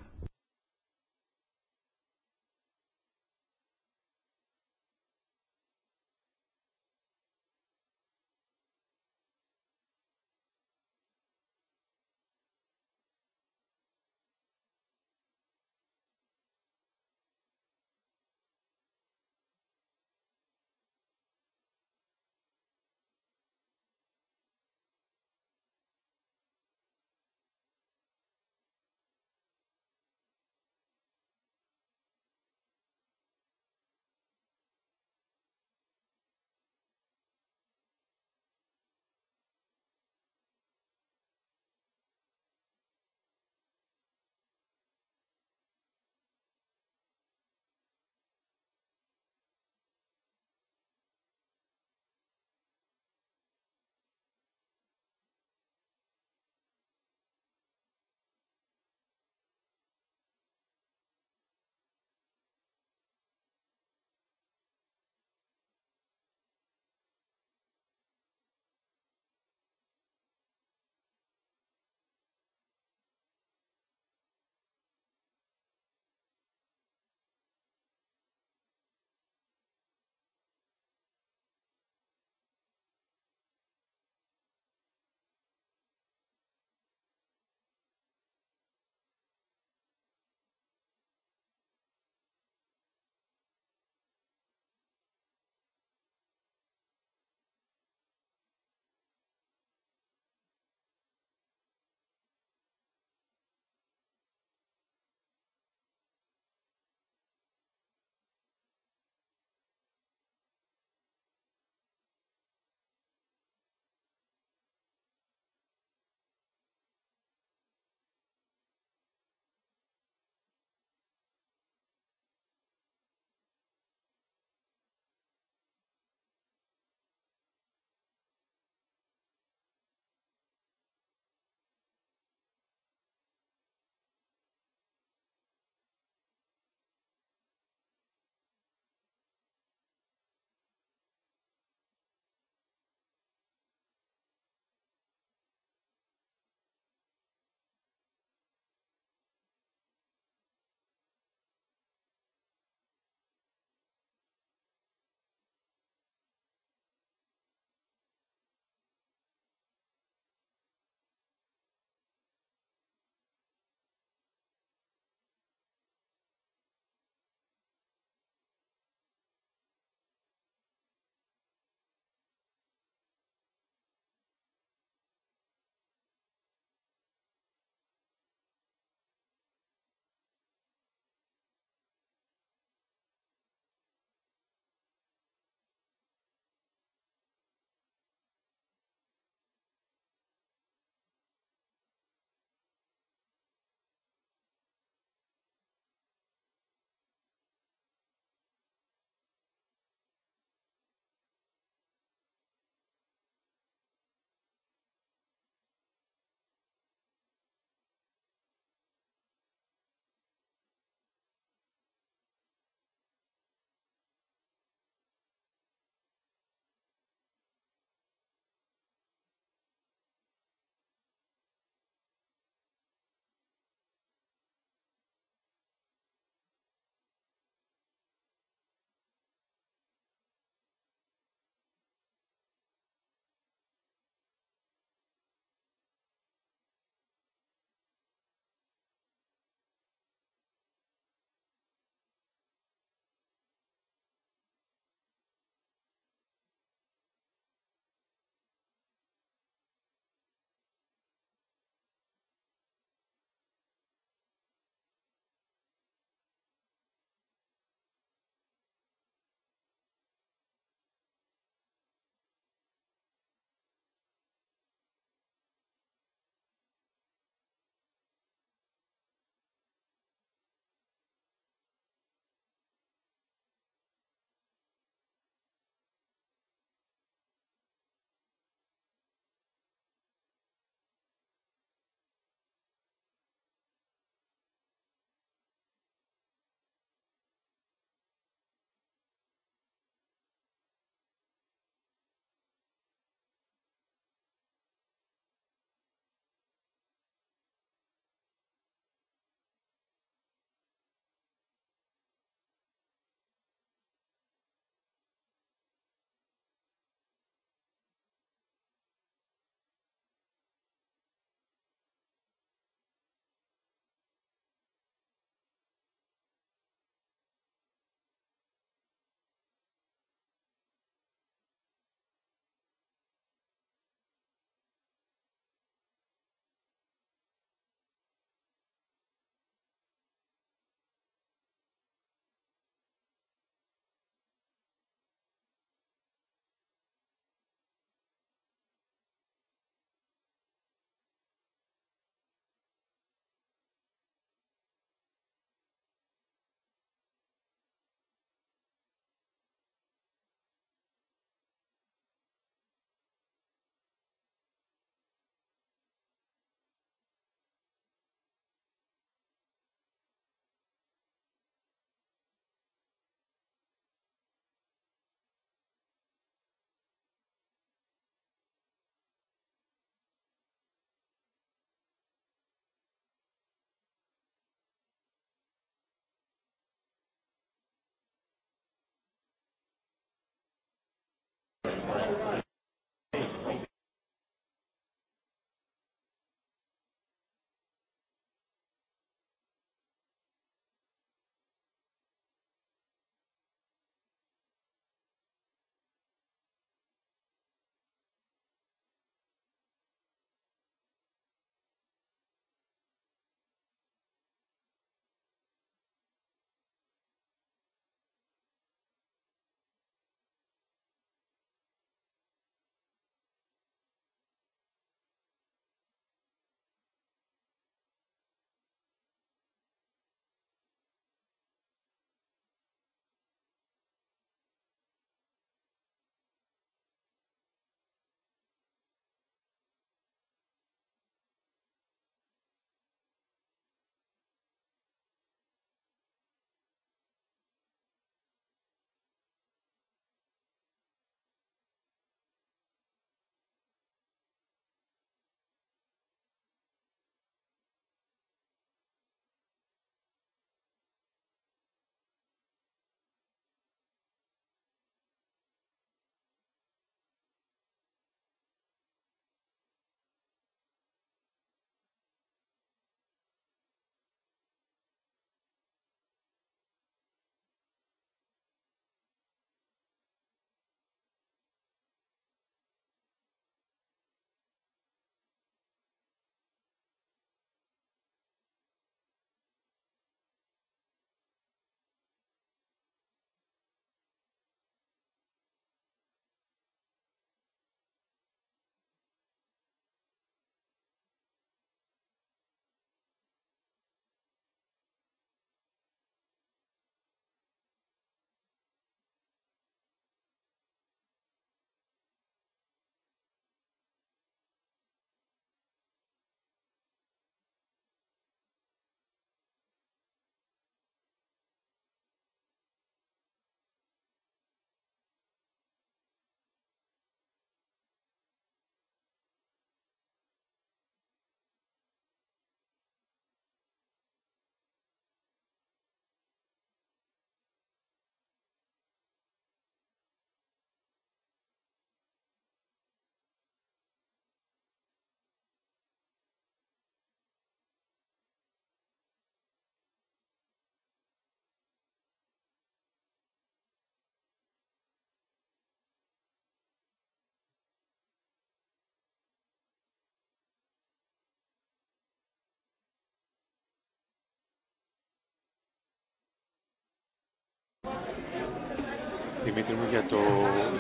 Δημήτρη μου για το,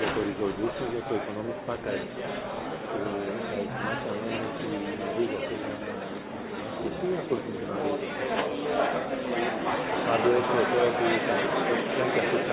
για το resolution, για το economic package που ετοιμάσαμε στη Λίγα. Τι αυτό την κοινωνία. Πάντως, τώρα που ήταν και αυτό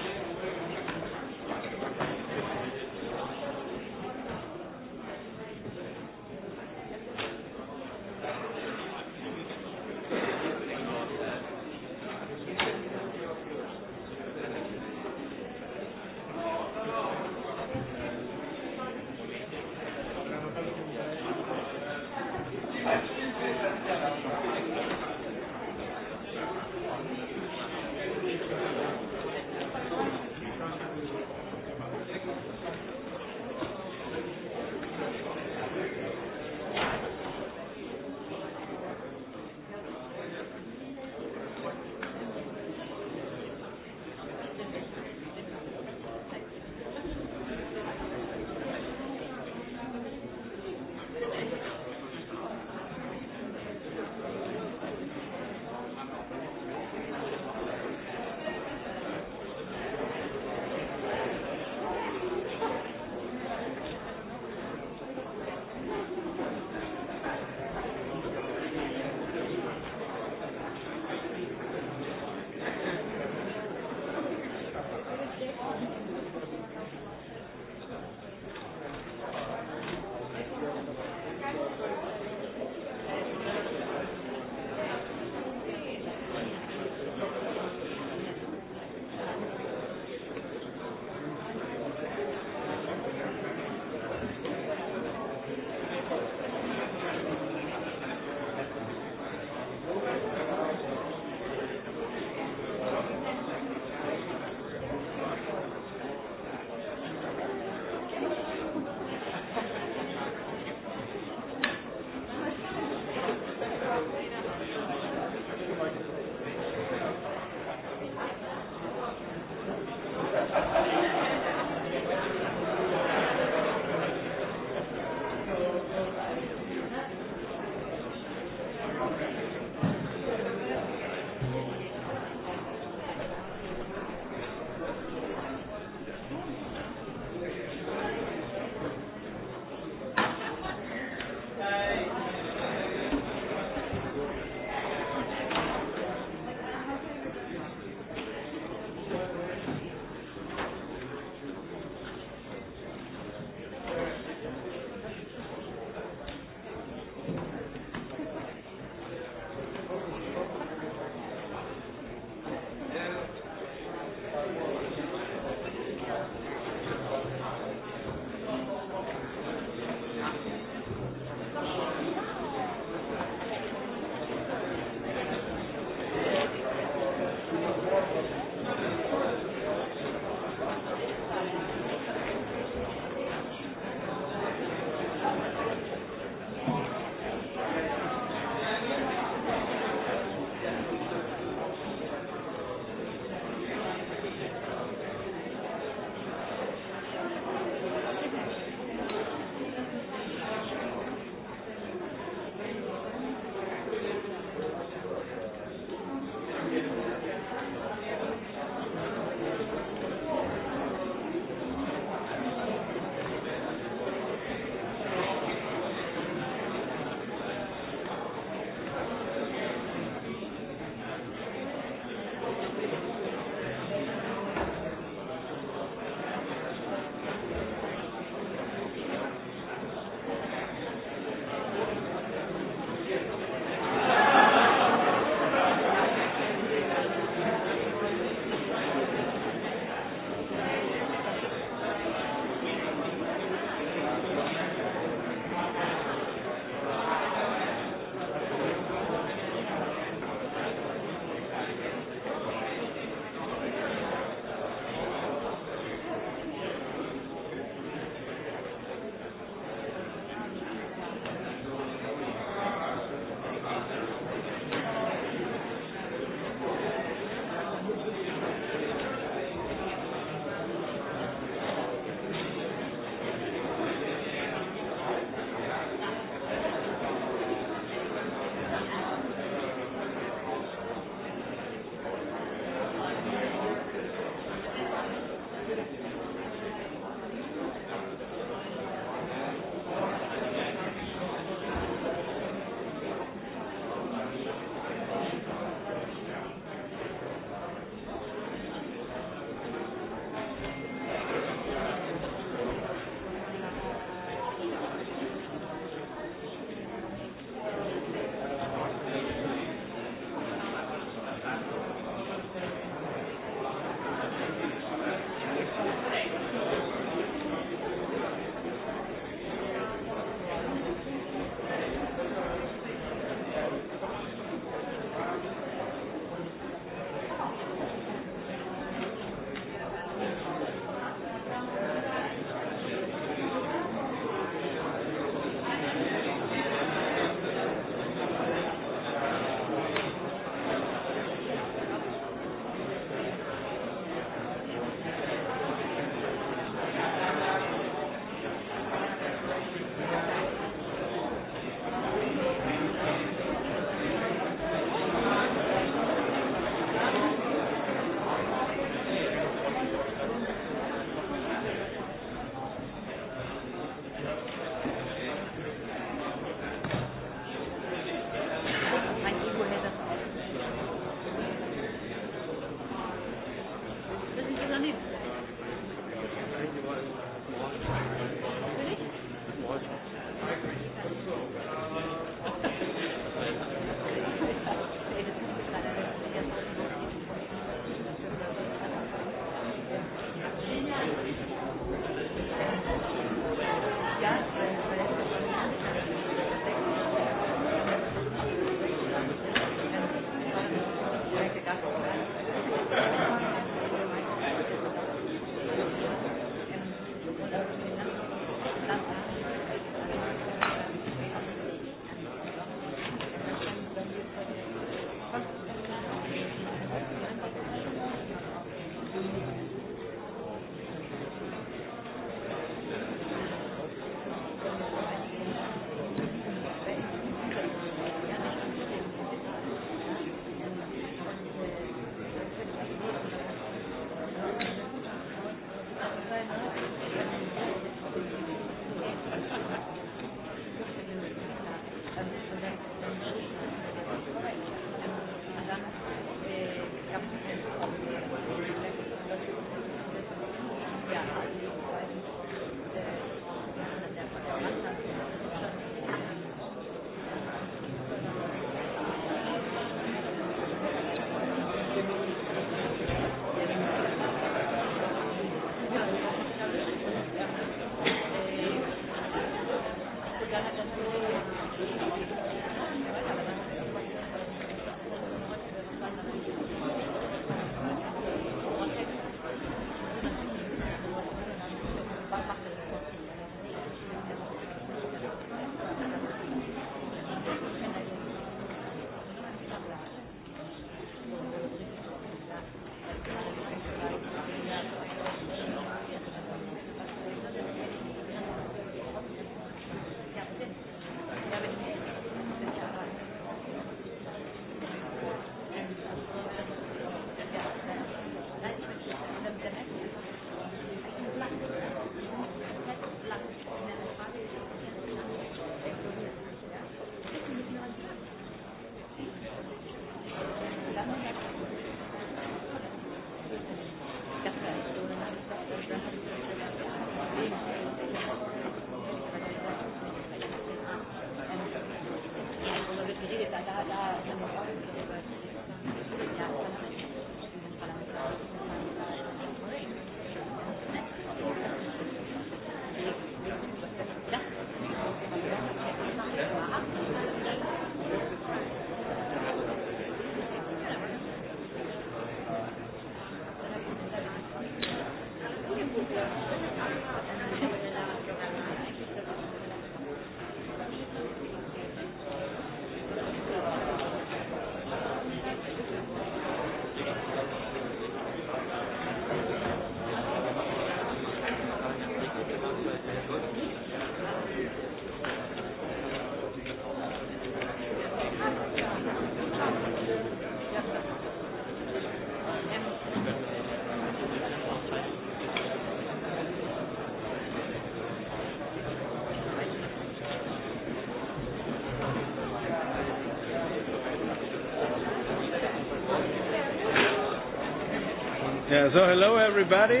So hello everybody.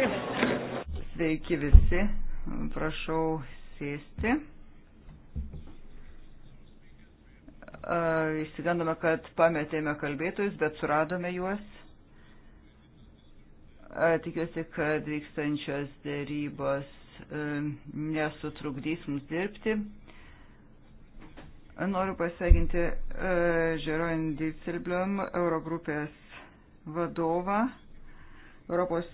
Sveiki visi, prašau sėsti. Uh, Įsigandome, kad pametėme kalbėtojus, bet suradome juos. Uh, tikiuosi, kad vykstančios dėrybos uh, nesutrukdys mums dirbti. Noriu pasveikinti e, Žeron Ditzelblom, Eurogrupės vadovą Europos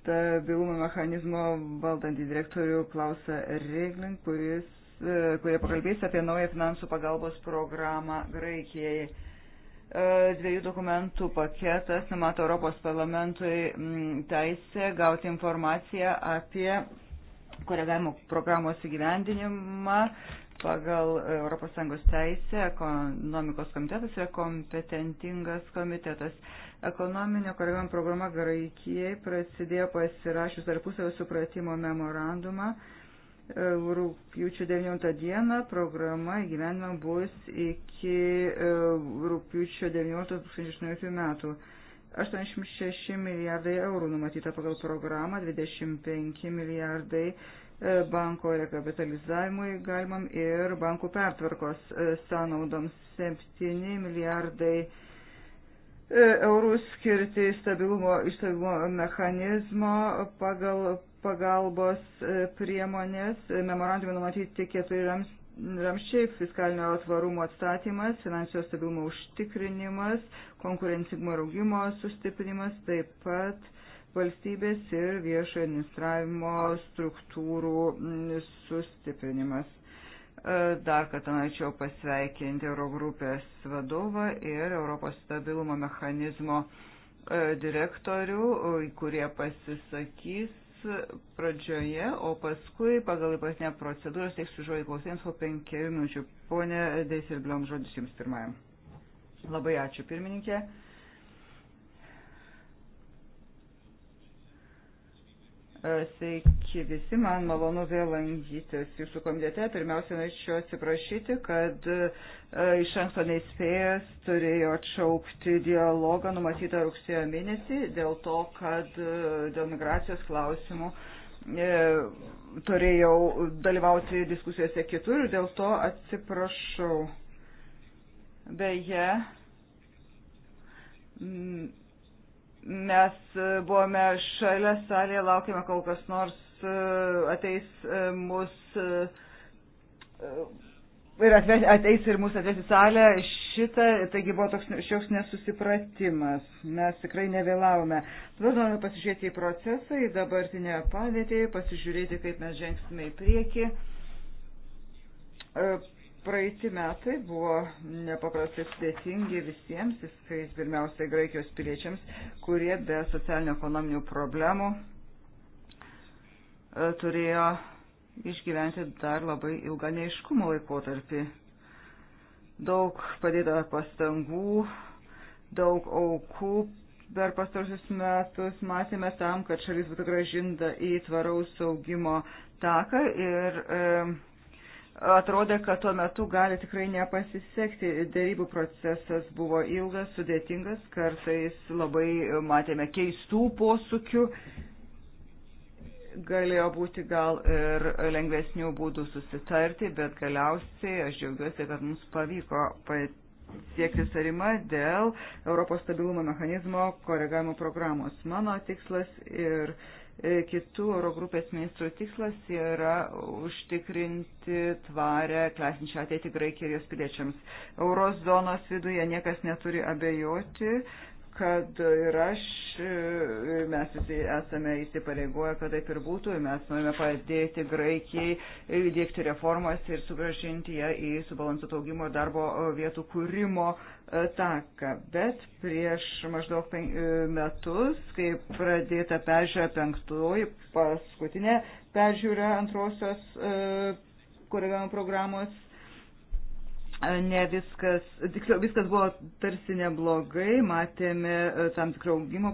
stabilumo mechanizmo valdantį direktorių Klausą Regling, kuris, e, kurie pakalbės apie naują finansų pagalbos programą Graikijai. E, dviejų dokumentų paketas numato Europos parlamentui mm, teisę gauti informaciją apie koregavimo programos įgyvendinimą Pagal ES teisę ekonomikos komitetas yra kompetentingas komitetas. Ekonominio koregavimo programa Graikijai prasidėjo pasirašius tarpusavio supratimo memorandumą. E, rūpjūčio 9 dieną programa įgyvenima bus iki e, rūpjūčio 19-2018 metų. 86 milijardai eurų numatyta pagal programą, 25 milijardai eurų E, banko rekapitalizavimui galimam ir bankų pertvarkos e, sąnaudoms 7 milijardai e, eurų skirti stabilumo, išstabilumo mechanizmo pagal pagalbos priemonės. Memorandumai numatyti keturi ramščiai - fiskalinio tvarumo atstatymas, finansinio stabilumo užtikrinimas, konkurencingumo ir augimo sustiprinimas, taip pat valstybės ir viešo administravimo struktūrų mm, sustiprinimas. E, dar kartą norėčiau pasveikinti Eurogrupės vadovą ir Europos stabilumo mechanizmo e, direktorių, e, kurie pasisakys pradžioje, o paskui pagal įprasnę procedūrą teiksiu žodį klausėjams po penkerių minučių. Pone Deisilbliom, žodis jums pirmajam. Labai ačiū pirmininkė. E, sveiki visi, man malonu vėl lankytis jūsų komitete. Pirmiausia, norėčiau atsiprašyti, kad e, iš anksto neįspėjęs turėjo atšaukti dialogą numatytą rugsėjo mėnesį dėl to, kad e, dėl migracijos klausimų turėjau dalyvauti diskusijose kitur ir dėl to atsiprašau. Beje, Mes e, buvome šalia salėje, laukime, kol kas nors e, ateis e, mus ir atves, ateis ir mūsų atvesi salę. Šitą, taigi buvo toks šioks nesusipratimas. Mes tikrai nevėlavome. Dabar norime pasižiūrėti į procesą, į dabartinę padėtį, pasižiūrėti, kaip mes žengsime į priekį Praeiti metai buvo nepaprastai sudėtingi visiems, visais pirmiausiai Graikijos piliečiams, kurie be socialinio-ekonominių problemų e, turėjo išgyventi dar labai ilgą neiškumo laikotarpį. Daug padėta pastangų, daug aukų per pastarusius metus matėme tam, kad šalis būtų gražinta į tvaraus saugimo taką ir e, atrodė, kad tuo metu gali tikrai nepasisekti. Dėrybų procesas buvo ilgas, sudėtingas, kartais labai matėme keistų posūkių. Galėjo būti gal ir lengvesnių būdų susitarti, bet galiausiai aš džiaugiuosi, kad mums pavyko siekti sarimą dėl Europos stabilumo mechanizmo koregavimo programos. Mano tikslas ir. Ir E, kitų Eurogrupės ministrų tikslas yra užtikrinti tvarę klesinčią ateitį Graikijos piliečiams. Eurozonos viduje niekas neturi abejoti, kad ir aš, ir e, mes visi esame įsipareigoję, kad taip ir būtų, mes norime padėti Graikijai įdėkti reformas ir sugražinti ją į subalansuoto augimo darbo vietų kūrimo taką. Bet prieš maždaug penk, e, metus, kai pradėta peržiūra penktoji, paskutinė peržiūra antrosios e, koregavimo programos ne viskas, tiksliau viskas buvo tarsi neblogai, matėme e, tam tikrą augimo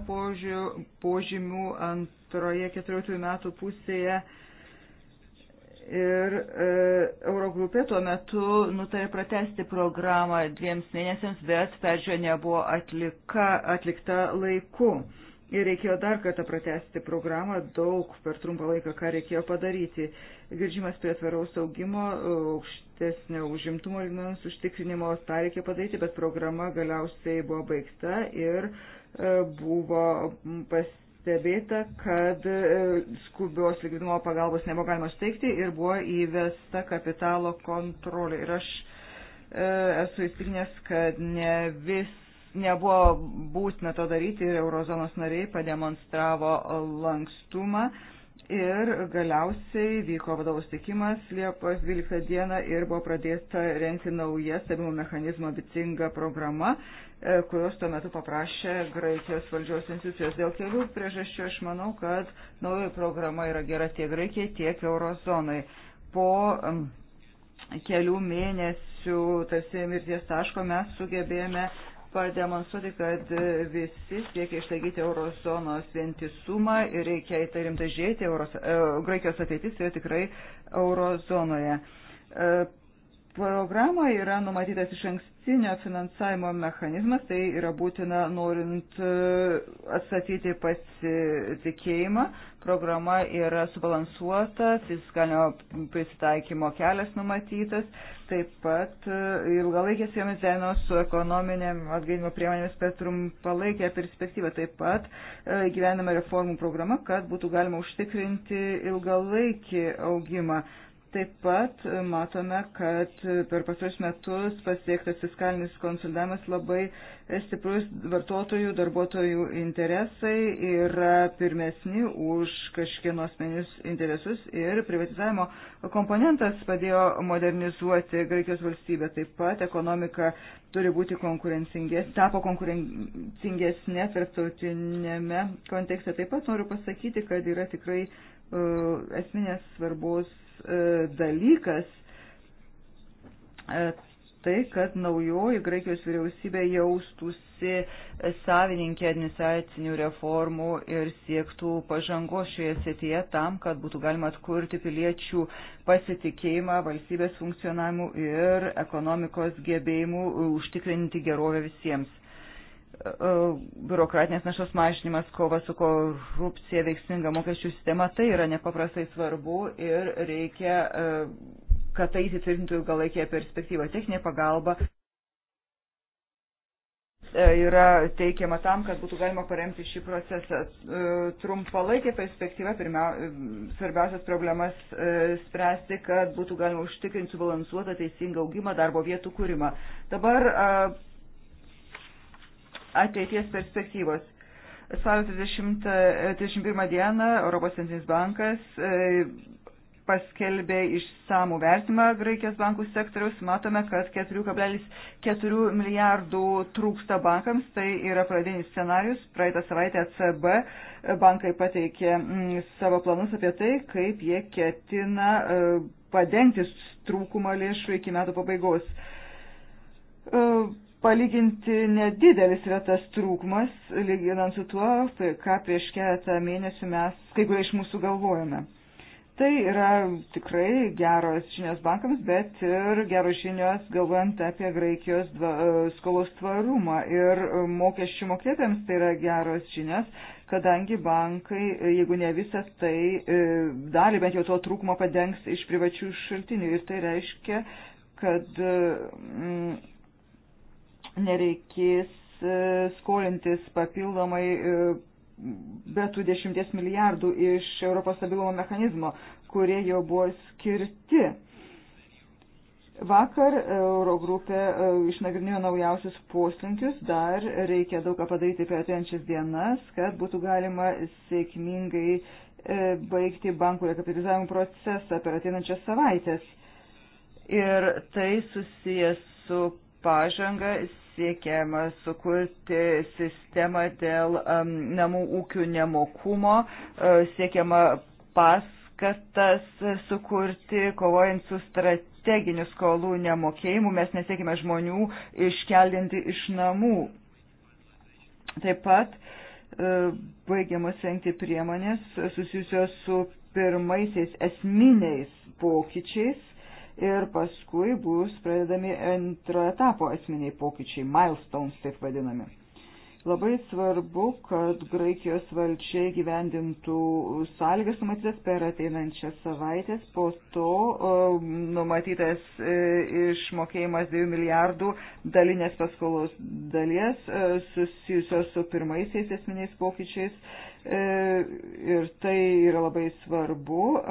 požymių antroje 14 metų pusėje. Ir e, Eurogrupė tuo metu nutarė pratesti programą dviems mėnesiams, bet peržiūrė nebuvo atlika, atlikta laiku. E, Ir reikėjo dar kartą pratesti programą, daug per trumpą laiką, ką reikėjo padaryti. Giržimas prie tvaraus augimo, aukštesnio užimtumo lygmens užtikrinimo, tą reikėjo padaryti, bet programa galiausiai buvo baigta ir e, buvo pastebėta, kad e, skubios likvidumo pagalbos nebuvo galima steigti ir buvo įvesta kapitalo kontrolė. Ir aš e, esu įstikinęs, kad ne vis nebuvo būtina to daryti ir eurozonos nariai pademonstravo lankstumą. Ir galiausiai vyko vadovų stikimas Liepos 12 dieną ir buvo pradėta renti nauja stebimo mechanizmo ambicinga programa, e, kurios tuo metu paprašė Graikijos valdžios institucijos. Dėl kelių priežasčių aš manau, kad nauja programa yra gera tiek Graikijai, tiek eurozonai. Po kelių mėnesių tarsi mirties taško mes sugebėjome pademonstruoti, kad visi siekia išlaikyti eurozonos vientisumą ir reikia į tai rimtai žiūrėti. Euros, e, Graikijos ateitis yra tikrai eurozonoje. E, programą yra numatytas iš ankstinio finansavimo mechanizmas, tai yra būtina norint e, atstatyti pasitikėjimą. Programa yra subalansuota, fiskalinio prisitaikymo kelias numatytas, taip pat e, ilgalaikės jomis dienos su ekonominėm atgainimo priemonėmis per trumpalaikę perspektyvą, taip pat e, gyvenama reformų programa, kad būtų galima užtikrinti ilgalaikį augimą. Taip pat matome, kad per pasarius metus pasiektas fiskalinis konsolidavimas labai stiprus vartotojų, darbuotojų interesai yra pirmesni už kažkieno asmeninius interesus ir privatizavimo komponentas padėjo modernizuoti Graikijos valstybę. Taip pat ekonomika turi būti konkurencingesnė, tapo konkurencingesnė tarptautinėme kontekste. Taip pat noriu pasakyti, kad yra tikrai uh, esminės svarbos E, dalykas e, tai, kad naujoji Graikijos vyriausybė jaustųsi savininkė administracinių reformų ir siektų pažangos šioje srityje tam, kad būtų galima atkurti piliečių pasitikėjimą valstybės funkcionavimu ir ekonomikos gebėjimu užtikrinti gerovę visiems. E, biurokratinės našos mažinimas, kova su korupcija, veiksminga mokesčių sistema, tai yra nepaprastai svarbu ir reikia, e, kad tai įsitvirtintų ilgalaikėje perspektyvoje. Techninė pagalba e, yra teikiama tam, kad būtų galima paremti šį procesą. Trumpalaikė perspektyva, pirmiau, svarbiausias problemas spręsti, kad būtų galima užtikrinti subalansuotą teisingą augimą darbo vietų kūrimą. Dabar ateities perspektyvos. Spalio 31 dieną Europos centrinis bankas e, paskelbė išsamų vertimą Graikijos bankų sektoriaus. Matome, kad 4,4 milijardų trūksta bankams. Tai yra pradinis scenarius. Praeitą savaitę ECB bankai pateikė mm, savo planus apie tai, kaip jie ketina e, padengti trūkumą lėšų iki metų pabaigos e, palyginti nedidelis yra tas trūkumas, lyginant su tuo, ką prieš keletą mėnesių mes, kai kurie iš mūsų galvojame. Tai yra tikrai geros žinios bankams, bet ir geros žinios galvojant apie Graikijos dva, skolos tvarumą ir mokesčių mokėtėms tai yra geros žinios, kadangi bankai, jeigu ne visas, tai e, dalį bent jau to trūkumo padengs iš privačių šaltinių ir tai reiškia, kad. Mm, nereikės e, skolintis papildomai e, be tų dešimties milijardų iš Europos stabilumo mechanizmo, kurie jau buvo skirti. Vakar Eurogrupė e, išnagrinėjo naujausius poslinkius, dar reikia daug ką padaryti per atėjančias dienas, kad būtų galima sėkmingai baigti bankų rekapitalizavimo procesą per ateinančias savaitės. Ir tai susijęs su pažanga siekiama sukurti sistemą dėl um, namų ūkių nemokumo, uh, siekiama paskatas sukurti, kovojant su strateginiu skolų nemokėjimu, mes nesiekime žmonių iškeldinti iš namų. Taip pat uh, baigiamas rengti priemonės susijusios su pirmaisiais esminiais pokyčiais ir paskui bus pradedami antro etapo esminiai pokyčiai, milestones taip vadinami. Labai svarbu, kad Graikijos valdžiai gyvendintų sąlygas numatytas per ateinančias savaitės, po to o, numatytas e, išmokėjimas 2 milijardų dalinės paskolos dalies e, susijusios su pirmaisiais esminiais pokyčiais e, ir tai yra labai svarbu.